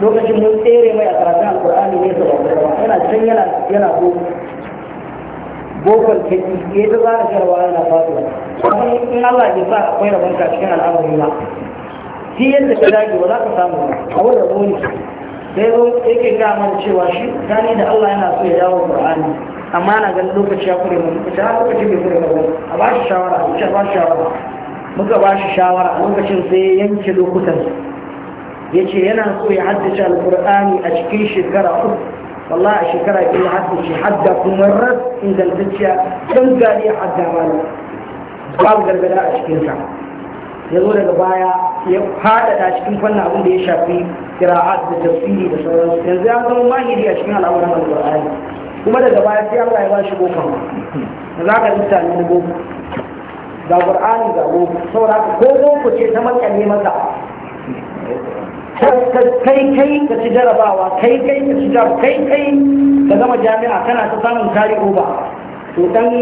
A: lokacin mun tsere mai a karatun alkur'ani ne saboda da yana can yana yana ko bokon kaki ya ta zara sharwa yana fatuwa kuma in Allah ke sa akwai rabon ka cikin al'amari ba. shi yadda ka dage ba za ka samu a wurin rabo ne sai zo yake ga mana cewa shi gani da Allah yana so ya dawo Qur'ani amma na ganin lokaci ya kure mu ita lokaci bai kure ba a ba shi shawara a ba shi shawara muka ba shi shawara a lokacin sai yanke lokutan ya ce yana so ya haddace alkur'ani a cikin shekara uku wallah a shekara biyu ya haddace hadda kuma ras ingantacciya don gari hadda malam babu gargada a cikinsa ya zo daga baya ya faɗaɗa cikin fannin da ya shafi kira'at da tafsiri da sauransu yanzu ya zama mahiri a cikin al'amuran alkur'ani kuma daga baya sai Allah ya ba shi bokon da za ka lissa ne boko ga qur'ani ga boko saboda ko ce ta makale masa kai kai ka ci jarabawa kai kai ka ci jarabawa kai kai ka zama jami'a kana ta samun kari ba to dan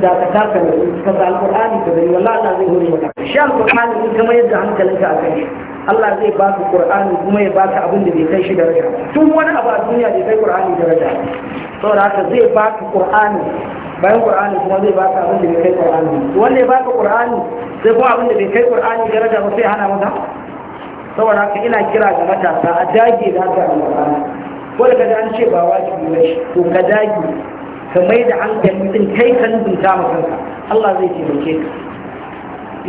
A: da ka taka ka da alqur'ani ka gani wallahi Allah zai hore maka shi alqur'ani in kamar yadda hankalinka a kai Allah zai ba ka qur'ani kuma ya ba ka abin da bai kai shi daraja tun wani abu a duniya bai kai qur'ani daraja saboda haka zai ba ka qur'ani bayan qur'ani kuma zai ba ka abin da bai kai qur'ani wanda ya ba ka qur'ani sai kuma abin da bai kai qur'ani daraja ba sai hana masa saboda haka ina kira ga matasa a dage da haka alƙur'ani ko da kaji an ce ba wajibi ba shi to ka dage ka mai da hankali din kai ka nubinta ma kanka Allah zai taimake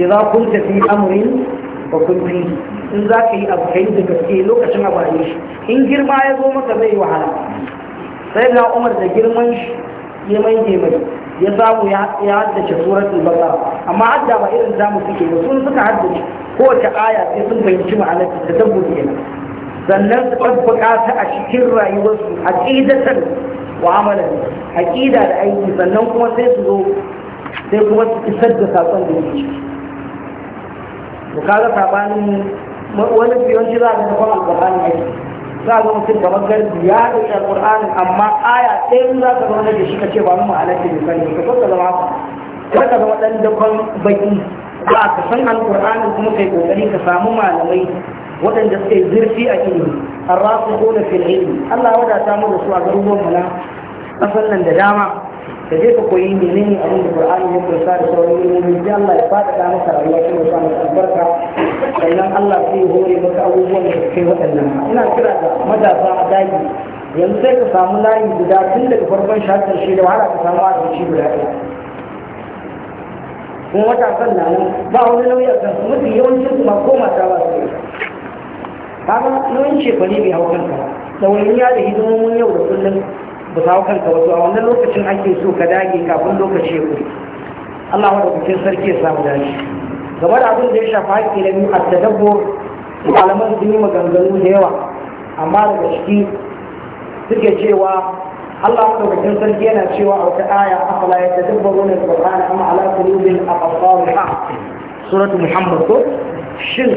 A: ka kun ta fi amrin fa kun fi in za ka yi abu kai da gaske lokacin a a shi in girma ya zo maka zai wahala sai na Umar da girman shi ya mai mai ya samu ya haddace suratul baqara amma hadda ba irin zamu suke ba sun suka haddace kowace aya sai sun fahimci ma'anar da dabbobi kenan sannan su ɗabbaka ta a cikin rayuwarsu a ƙidatan wa'amalan aƙida da aiki sannan kuma sai su zo sai kuma su isar da saƙon da ya yake to kaga sabanin wani yawanci za a ga kafan alƙur'ani ake za a ga mutum kamar garbi ya ɗauki alƙur'anin amma aya ɗaya za ka zama da shi ka ce ba mu ma'anar da misali ka so ka zama haka ka zama ɗan dabban baƙi ba ka san alƙur'ani kuma kai kokari ka samu malamai waɗanda suka yi zurfi a ilimi arrasikhuna fil ilimi Allah wadata mu da su a garuruwan mana ƙasar nan da dama da je ka koyi menene abin da Qur'ani ya kusa da sauran ilimi sai Allah ya faɗa da masa rayuwa ta musa maka albarka sannan Allah sai ya hore maka abubuwan da kai waɗannan ina kira da matasa a daji yanzu sai ka samu layi guda tun daga farkon shafin shi da wahala ka samu abinci guda ɗaya kuma matasan na ba wani nauyi a kansu mafi yawancin su ma ko ba su kaga nauyin shekwane bai hau kanka ba ɗawainiya da hidimomin yau da kullum ba su hau kanka wasu a wannan lokacin ake so ka dage kafin lokaci ya kuri Allah wa da sarki ya samu gaba da abin da ya shafa haƙƙi na biyu a tadabbur malaman sun yi maganganu da yawa amma daga ciki suke cewa Allah madaukakin sarki yana cewa a wata aya afala ya tadabbaru ne qur'ana amma ala qulubin aqsaruha ah, suratu muhammad ko shin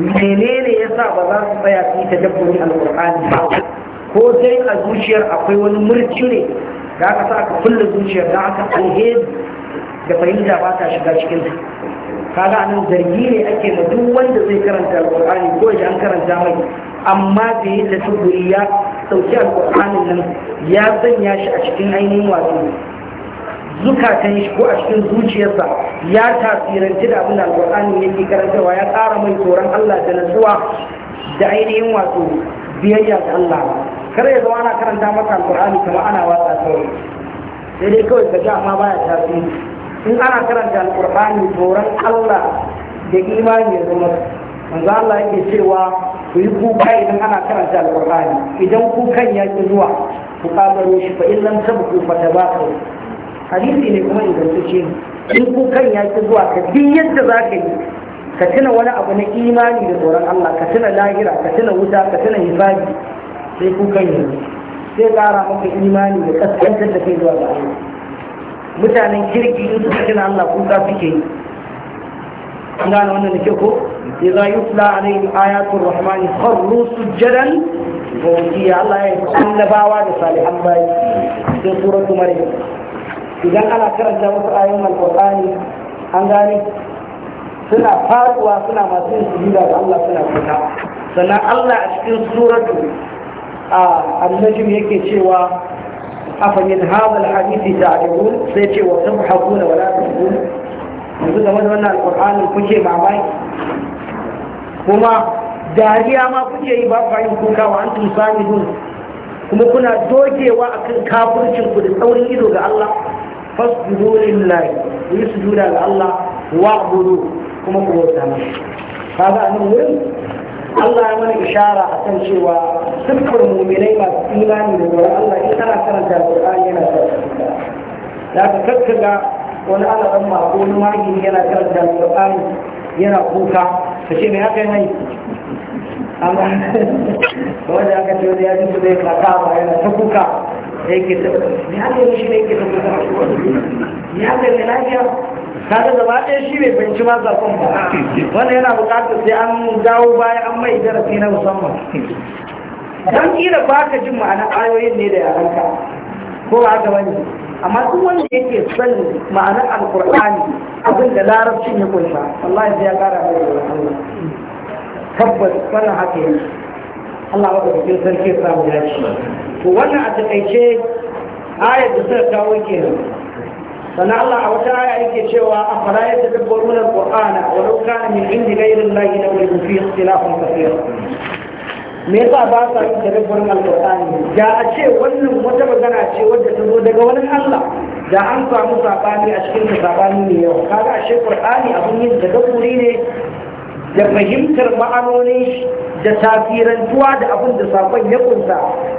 A: menene yasa ba za su tsaya su yi tadabburin alqur'ani ba ko dai a zuciyar akwai wani murci ne da aka sa aka kulle zuciyar da aka alheri da fahimta ba ta shiga cikin kaga anan zargi ne ake ma duk wanda zai karanta alqur'ani ko ya an karanta mai amma bai yi tadabburi ya ɗauki alƙur'anin nan ya sanya shi a cikin ainihin wato zukatan shi ko a cikin zuciyarsa ya tasiranci da abin da alƙur'ani yake karantarwa ya ƙara mai tsoron Allah da natsuwa da ainihin wato biyayya ga Allah kar ya zama ana karanta maka alƙur'ani kamar ana watsa sauri sai dai kawai ka ji amma baya tasiri in ana karanta alƙur'ani tsoron Allah da imani ya zama manzo Allah yake cewa ku yi kuka idan ana karanta alƙur'ani idan kukan ya ki zuwa ku ƙagaro shi fa in lam fa tabaqu hadisi ne kuma ce. in kukan ya ki zuwa ka yadda za ka yi ka tuna wani abu na imani da tsoron Allah ka tuna lahira ka tuna wuta ka tuna hisabi sai kukan ya sai ƙara maka imani da kaskantar da kai zuwa ga Allah mutanen kirki in suka tuna Allah kuka suke yi an gane wannan da ke ko idza yutla alaihim ayatul rahmani kharru sujjadan wa wudiya Allah ya yi annabawa da salihan bayi sai suratul maryam idan ana karanta wasu ayoyin alqur'ani an gane suna faruwa suna masu yin sujuda ga Allah suna fita sannan Allah a cikin suratul a annajim yake cewa afa min hadha alhadisi ta'jabun sai ce wa tabhaquna wa la yanzu game da wannan alƙur'anin kuke mamaki kuma dariya ma kuke yi ba ku yin kuka wa antum samidun kuma kuna dogewa akan kafircin ku da tsaurin ido ga Allah fasjudu lillahi ku sujuda ga Allah wa'budu kuma ku bauta masa kaga a nan wurin Allah ya mana ishara a kan cewa siffar muminai masu imani da tsoron Allah in kana karanta Qur'ani yana da ka kakkaga wani alaban ɗan mako wani magini yana karanta alƙur'ani yana kuka ka ce mai aka yi mai amma wanda aka ce wani ya ji su zai kaka ba yana ta kuka da yake ta ne aka yi shi ne yake ta kuka ne aka yi lafiya ta da zama ɗaya shi bai banci ma zafin ba wanda yana buƙatar sai an dawo baya an mai darasi na musamman don kira ba ka jin ma'ana ayoyin ne da yaranka ko ba haka bane amma duk wanda yake son ma'anar alqur'ani abin da larabcin ya kunsa wallahi sai ya kara mai da Allah tabbas wannan haka yake Allah wa bikin sarki ya samu dace to wannan a takaice ayat da suka kawo ke sannan Allah a wata aya yake cewa a fara da tadabbar mun alqur'ana wa law kana min indi ghayri allahi la wajadu fihi ikhtilafun kathira me yasa ba sa yin tadabburin alƙur'ani Ya a ce wannan wata magana ce wadda ta zo daga wani Allah da an samu sabani a cikin ta sabani ne yau kaga a shi qur'ani abun yin tadabburi ne da fahimtar ma'anoni da da tuwa da abin da sakon ya kunsa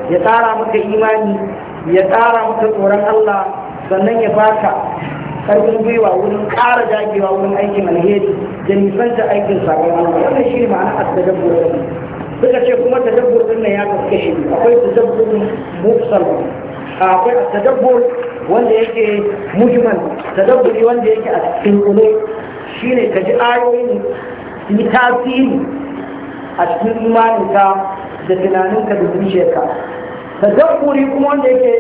A: ya tsara maka imani ya tsara maka tsoron Allah sannan ya baka karfin gwiwa wurin ƙara dagewa wurin aikin alheri da nisanta aikin sabon Allah wannan shi ne ma'ana suka ce kuma tadabbur din nan ya kaske shi akwai ta tadabbur mufsal akwai tadabbur wanda yake ta tadabburi wanda yake a cikin kule shine ka ji ayoyin yi tasiri a cikin imaninka da tunaninka da zuciyarka tadabburi kuma wanda yake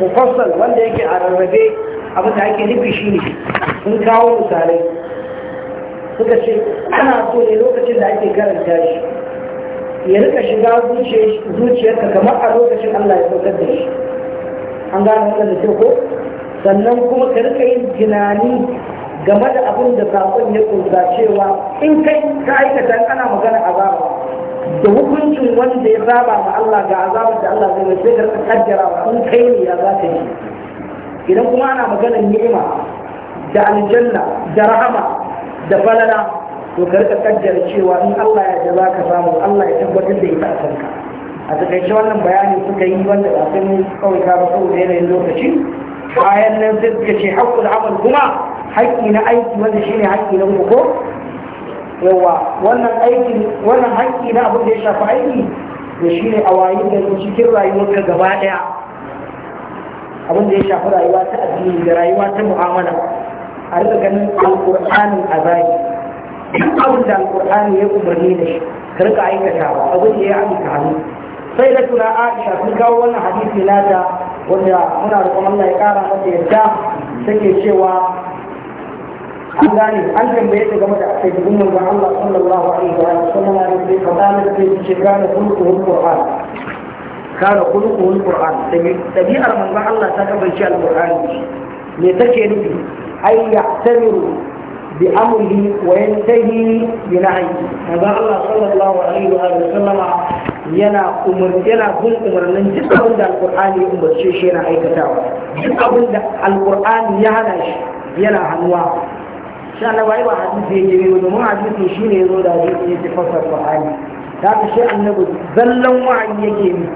A: mufassal wanda yake a rarrabe abin da ake nufi shine sun kawo misalai suka ce ana so ne lokacin da ake karanta shi ya rika shiga zuciyarka kamar a lokacin Allah ya saukar da shi an gane wannan da ko sannan kuma ka rika yin tunani game da abin da sakon ya kunsa cewa in kai ka aikata ana magana azaba da hukuncin wanda ya zaba ma Allah ga azabar da Allah zai sai ka kaddara in kai ne ya za ka yi idan kuma ana maganar nema da aljanna da rahama da falala to ka kaddara cewa in Allah ya za ka samu Allah ya tabbatar da ita a sanka. a takaice wannan bayani suka yi wanda ba sai kawai ka ba saboda yanayin lokaci bayan nan sai suka ce haƙƙul amal kuma haƙƙi na aiki wanda shine haƙƙi na ko yawa wannan aikin wannan haƙƙi na abin da ya shafi aiki da shine a wayi da cikin rayuwarka gaba ɗaya abin da ya shafi rayuwa ta addini da rayuwa ta mu'amala a rika ganin alƙur'anin a zahiri duk abin da alƙur'ani ya umarni da shi ka rika aikatawa abin da ya amsa hannu sai da tuna aisha sun kawo wannan hadisi nata wanda muna roƙon Allah ya ƙara mata yadda take cewa an gane an tambaye ta game da sayyidin manzo Allah sallallahu alaihi wa sallam ya ce ka kana ce ce kana kullu qur'an kana kullu qur'an tabi'ar manzo Allah ta kabanci alqur'ani me take nufi ay ya'tamiru بأمره وينتهي بنعي هذا الله صلى الله عليه وسلم ينا أمر ينا كل أمر من جد أبدا القرآن يأمر شيء شيء نعي كتاب جد أبدا القرآن يهنش ينا هنوا شأن وعيب حديث يجري ونمو حديث يشيني يرود حديث يتفصل القرآن هذا الشيء النبو ذلوا معي يجيني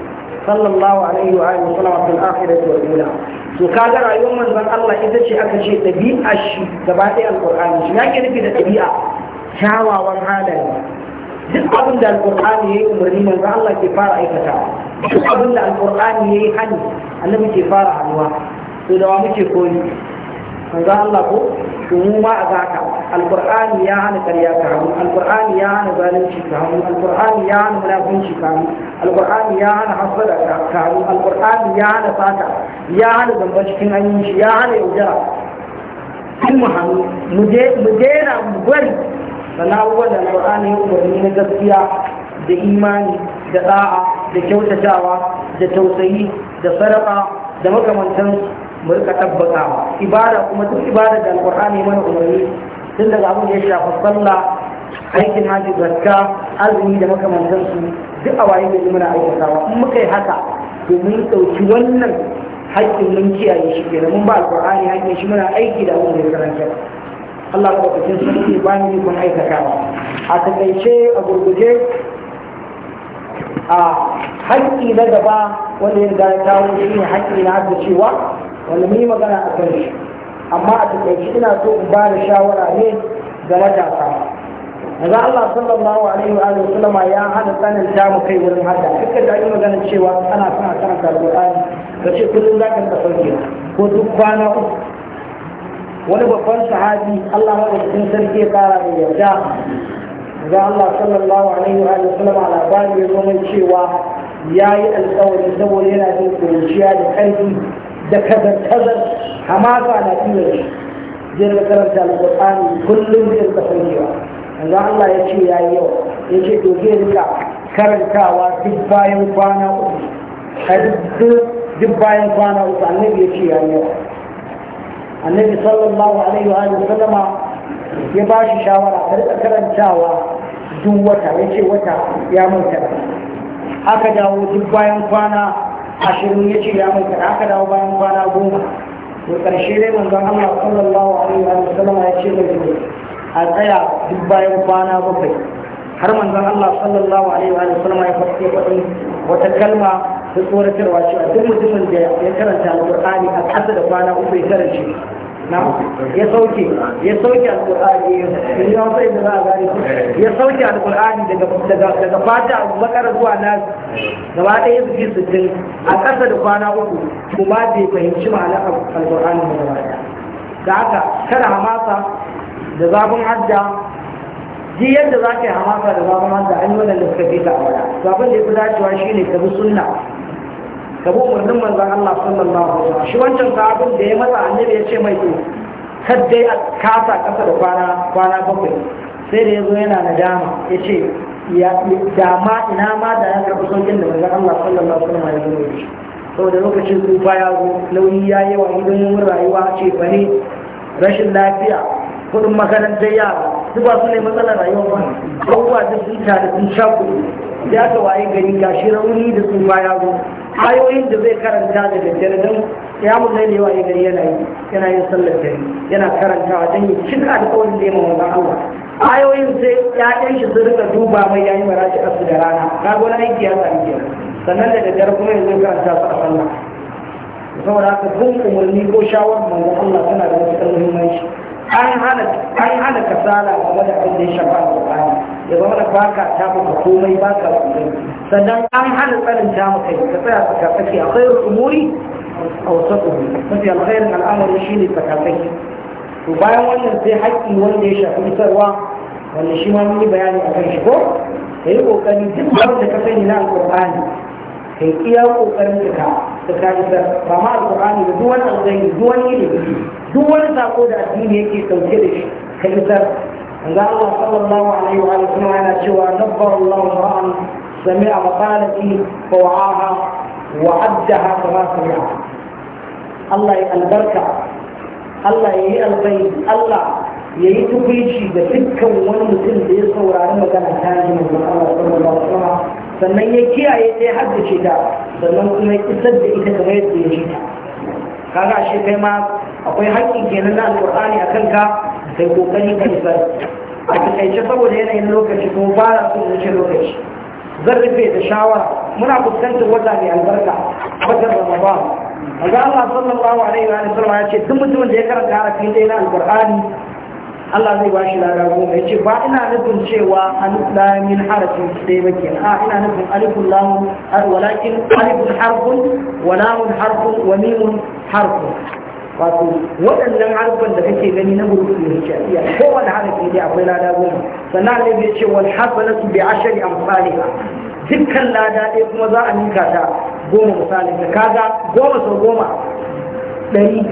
A: sallallahu alaihi wa alihi wasallam fil akhirati wal ula to kaga rayuwar manzon Allah ita ce aka ce dabi'a shi gaba ɗaya alqur'ani shi yake nufi da dabi'a kyawawan halaye duk abin da alqur'ani yayi umarni manzon Allah ke fara aikatawa duk abin da alqur'ani yayi hani annabi ke fara hannuwa to da wa muke koyi manzon Allah ko a zaka القرآن يعني كرياك عمو القرآن يعني بالنشك عمو القرآن يعني ملافنشك عمو القرآن يعني حصدك عمو القرآن يعني فاتع يعني ذنبشك عميش يعني وجرى ثم حمو مدينة مبري فناول القرآن يقول من قصية ذا إيمان ذا طاعة ذا كوتة جاوة ذا توسعي ذا صرقة ذا مكة من سنس ملكة القرآن يمنع tun daga abin da ya shafi sallah aikin haji zakka azumi da makamantansu duk a waye da muna aikatawa in muka yi haka domin ɗauki wannan haƙƙin mun kiyaye shi kenan mun ba alƙur'ani haƙƙin shi muna aiki da abin da ya karanta Allah ka sun ce ba ni kun aikata a takaice a gurguje a haƙƙi na gaba wanda ya riga ya kawo shi ne haƙƙi na haka cewa wanda mun magana a kan shi amma a takaice ina so in ba da shawara ne ga matasa daga Allah sallallahu alaihi wa sallama ya hada tsananta mu kai wurin hada dukkan da ake maganar cewa ana son a karanta alƙur'ani ka ce kullum za ka rika sauke ko duk kwana uku wani babban sahabi Allah madaukakin sarki ya kara da yarda daga Allah sallallahu alaihi wa sallama labari ya zo mai cewa ya yi alƙawari saboda yana jin kuruciya da ƙarfi da kazar-kazar kamata na iya shi zai karanta alƙur'ani kullum zai rika saukewa yanzu Allah ya ce ya yi yau, ya ce to zai rika karantawa duk bayan kwana uku duk bayan kwana uku annabi ya ce ya yi yawa annabi sallallahu alaihi wa sallama ya ba shi shawara a rika karantawa duk wata ya ce wata ya manta aka dawo duk bayan kwana ashirin ya ce ya manta aka dawo bayan kwana goma da ƙarshe dai manzon Allah sallallahu alaihi wa sallam ya ce mai a tsaya duk bayan kwana bakwai har manzon Allah sallallahu alaihi wa sallam ya fasike faɗin wata kalma ta tsoratarwa cewa duk mutumin da ya karanta alƙur'ani a ƙasa da kwana uku ya karanta. ya sauke ya sauke alqur'ani ya za a ya sauke alqur'ani daga daga daga fata zuwa nas gaba ɗaya ya fi sittin a ƙasa da kwana uku kuma zai fahimci ma'anar alqur'ani ba gaba ɗaya da haka kada hamasa da zafin hajja ji yadda za ka yi hamasa da zafin hajja an yi wannan da suka fi ta a wada zafin da ya fi dacewa shine ka bi sunna kabo murnin manzan Allah sallallahu alaihi wasallam shi wancan kafin da ya masa annabi ya ce mai to kaddai a kasa kasa da kwana kwana bakwai sai da yazo yana dama ya ce ya dama ina ma da ya karbi saukin da manzan Allah sallallahu alaihi wasallam ya da saboda lokacin tsufa ya zo nauyi ya yawa hidimomin rayuwa ce ba ne rashin lafiya kudin makarantar yara duk ba su ne matsalar rayuwa ba abubuwa da sun tare sun sha ya ka waye gari gashi rauni da tsufa ya zo ayoyin da zai karanta da daddare don ya mu zai lewa ya gari yana yi yana yin sallar dare yana karantawa don yi cin alƙawarin da ya mawa Allah ayoyin sai ya'yan shi sun rika duba mai yayi mara shi asu da rana ka gona aiki ya sami kenan sannan da daddare kuma yanzu karanta su a sallah saboda haka kun umarni ko shawarar manzon Allah tana da matuƙar muhimmanci an hana kasala game da abin da ya shafa alƙur'ani ya zama da baka tafi komai baka komai sannan an hana tsarin jama kai ka tsaya tsakatsaki a khairu umuri a wasu mafi alkhairin al'amari shi ne tsakatsaki to bayan wannan sai haƙƙi wanda ya shafi isarwa wanda shi ma mun yi bayani a kan shi ko ka yi ƙoƙari duk wanda ka sani na alƙur'ani ka yi iya ƙoƙarin ka da ka isar ba ma alƙur'ani da duk wani alƙairi duk wani ilimi duk wani sako da addini yake ɗauke da shi ka isar. Allah sallallahu alaihi wa sallam yana cewa nabbar Allah ma'an سمع مقالتي فوعاها وعدها كما سمعها الله البركة الله يهي البيت الله يهي تبيشي بسكة ونمتل بيصورة المكان الثاني من الله صلى الله عليه وسلم فمن يكي عيدي حد شتاء فمن كما يتسد إذا كميت بيشتاء كما شفهما أقول حقي كيننا القرآن أكلك سيكون لي كيفر أكل أي شفاو لينا إن لوكا شفاو بارا كيف شفاو لينا zan rufe da shawara muna fuskantar wata mai albarka wajen ramadan maza Allah sallallahu alaihi wa sallam ya ce duk mutumin da ya karanta harafin ɗaya na alƙur'ani Allah zai ba shi lada goma ya ce ba ina nufin cewa alif lamin harafin ɗaya ba ke a ina nufin alifun lamun walakin alifun harfun wa lamun harfun wa mimun harfun wato waɗannan harfan da kake gani na buruku ne shafiya kowane harafi ne akwai lada goma sannan annabi ya ce wal hasanatu ashari a amsalha dukkan lada ɗaya kuma za a ninka ta goma misalin ka kaga goma sau goma ɗari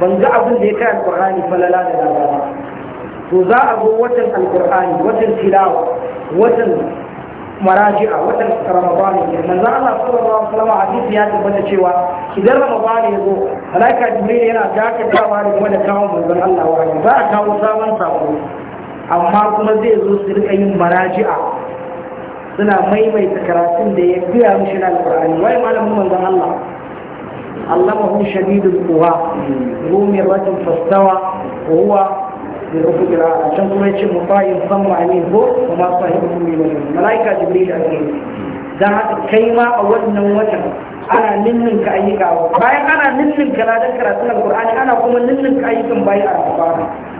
A: ban ga abin da ya kai alƙur'ani falala da lada ba to za a zo watan alƙur'ani watan tilawa watan maraji'a waɗanda ramadan ne manzo Allah sallallahu alaihi wasallam hadisi ya tabbata cewa idan ramadan ya zo malaika jibril yana dakatawa ne kuma da kawo manzon Allah wa za a kawo sabon sako amma kuma zai zo su rika yin maraji'a suna maimaita karatun da ya biya mishi na alƙur'ani wai malamin manzon Allah علمه شديد القوى ذو fastawa فاستوى وهو bil ufuq al a'la can kuma yace mutayin samma amin ko kuma sahibu min malaika jibril ake dan haka kai ma a wannan watan ana ninnin ka ayyuka bayan ana ninnin ninninka ladan karatun alqur'ani ana kuma ninnin ka ayyukan bayan arfa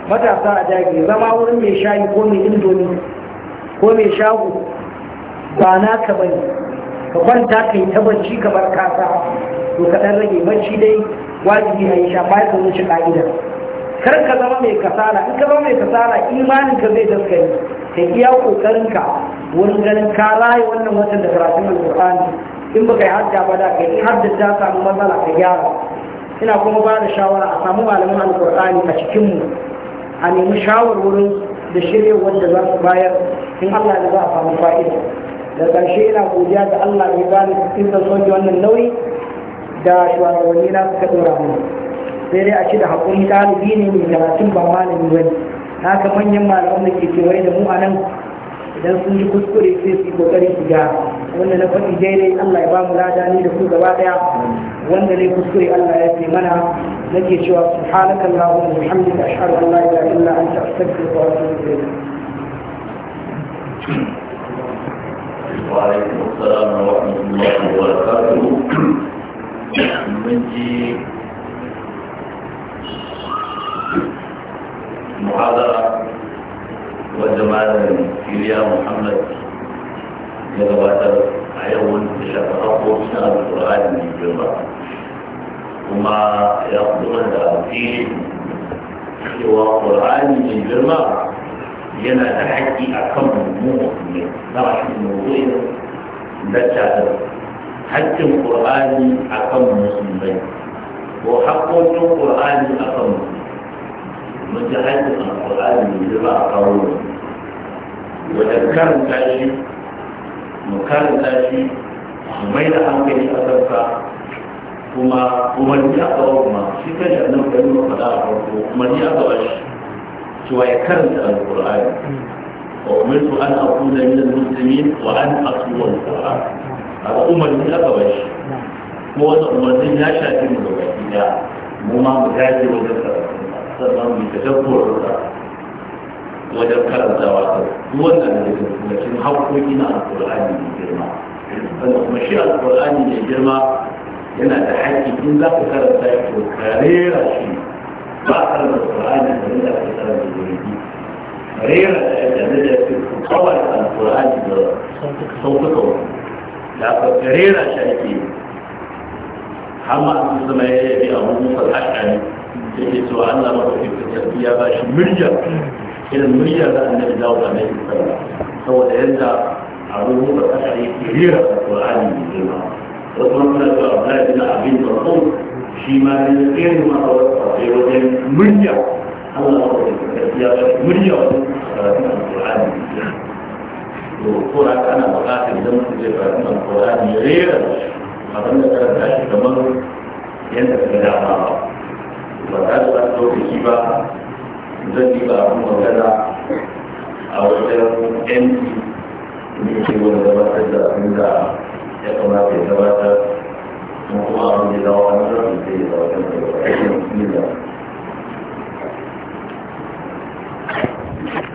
A: matasa a jage zama wurin mai shayi ko mai indomi ko mai shago ba na ka bane ka kwanta ka yi ta bacci kamar kasa to ka dan rage bacci dai wajibi a yi sha ya ka wuce ka'idar kar ka zama mai kasala in ka zama mai kasala imanin ka zai daskari kai iya kokarin ka wurin ganin ka raye wannan watan da karatun alqur'ani in baka yi hadda ba da kai hadda ta samu matsala ka gyara ina kuma ba da shawara a samu malaman alqur'ani a cikin mu a nemi shawarwarin da shirye wanda za su bayar in Allah da za a samu fa'ida da ƙarshe ina godiya da Allah da ya bani inda soke wannan nauyi da shawarwari na suka dora mu sai dai a ci da haƙuri ɗalibi ne mai karatun ba malami ba ne haka manyan malaman da ke kewaye da mu a nan idan sun yi kuskure sai su yi ƙoƙari su ga wanda na faɗi daidai Allah ya ba mu lada ni da ku gaba ɗaya wanda ne kuskure Allah ya fi mana na ke cewa subhanaka allahumma wa bihamdika ashhadu an la allah illa anta astaghfiruka wa atubu ilayk
B: وعليكم السلام ورحمة الله وبركاته من جي محاضرة وجمال كيليا محمد يغباتر عيون بشكل أفضل سنة القرآن من الجمعة وما يقضون الأمثيل سوى القرآن من الجمعة لنا تحدي أكم نموه من نرح الموضوعين دكتور حتى القرآن أكم مسلمين وحقوا القرآن أكم مسلمين متحدث عن القرآن من جمع قوله وذكرت شيء مكرت شيء وميل حنكي أتبقى kuma umarni a kawo kuma shi kan shi annabi da yin faɗa a farko umarni a kawo shi cewa ya karanta alƙur'ani wa umirtu an akuna min almuslimin wa an asuwa alqur'an haka umarni a kawo shi ko wata umarni ya shafi mu gaba ɗaya mu ma mu dace wajen karatu sannan mai tadabbur da wajen karantawa ta wannan da ke kuma cikin haƙoƙi na alƙur'ani mai girma sannan kuma shi alƙur'ani mai girma yana da haƙƙi in za ka karanta ya to karera shi ba a karanta alƙur'ani da inda ka karanta gurbi karera da ya da da ke kawai alƙur'ani da sautuka wani da aka karera shi ake yi har ma su zama ya yabi abu musar haƙƙa ne sai ke so Allah ba ku fi tarbiya ba shi murya irin murya da annabi dawo da mai sallah saboda yadda abu da kasa yake rera alqur'ani ne girma wasu wannan da Abdullahi bin Abin Bakun shi ma ne irin ma sai wajen murya Allah ba ku fi tarbiya ba shi murya wajen karatun alqur'ani to ko ra kana buƙatar idan mutum zai karatun alqur'ani rera abin da karanta shi kamar yadda ka ga dama ba ba za su ɗan lokaci ba zan yi ba abin magana a wajen yanki ne ke wani gabatar da abin da ya kamata ya gabatar kuma kuma abin da zama wani zafin zai yi zama kan da ya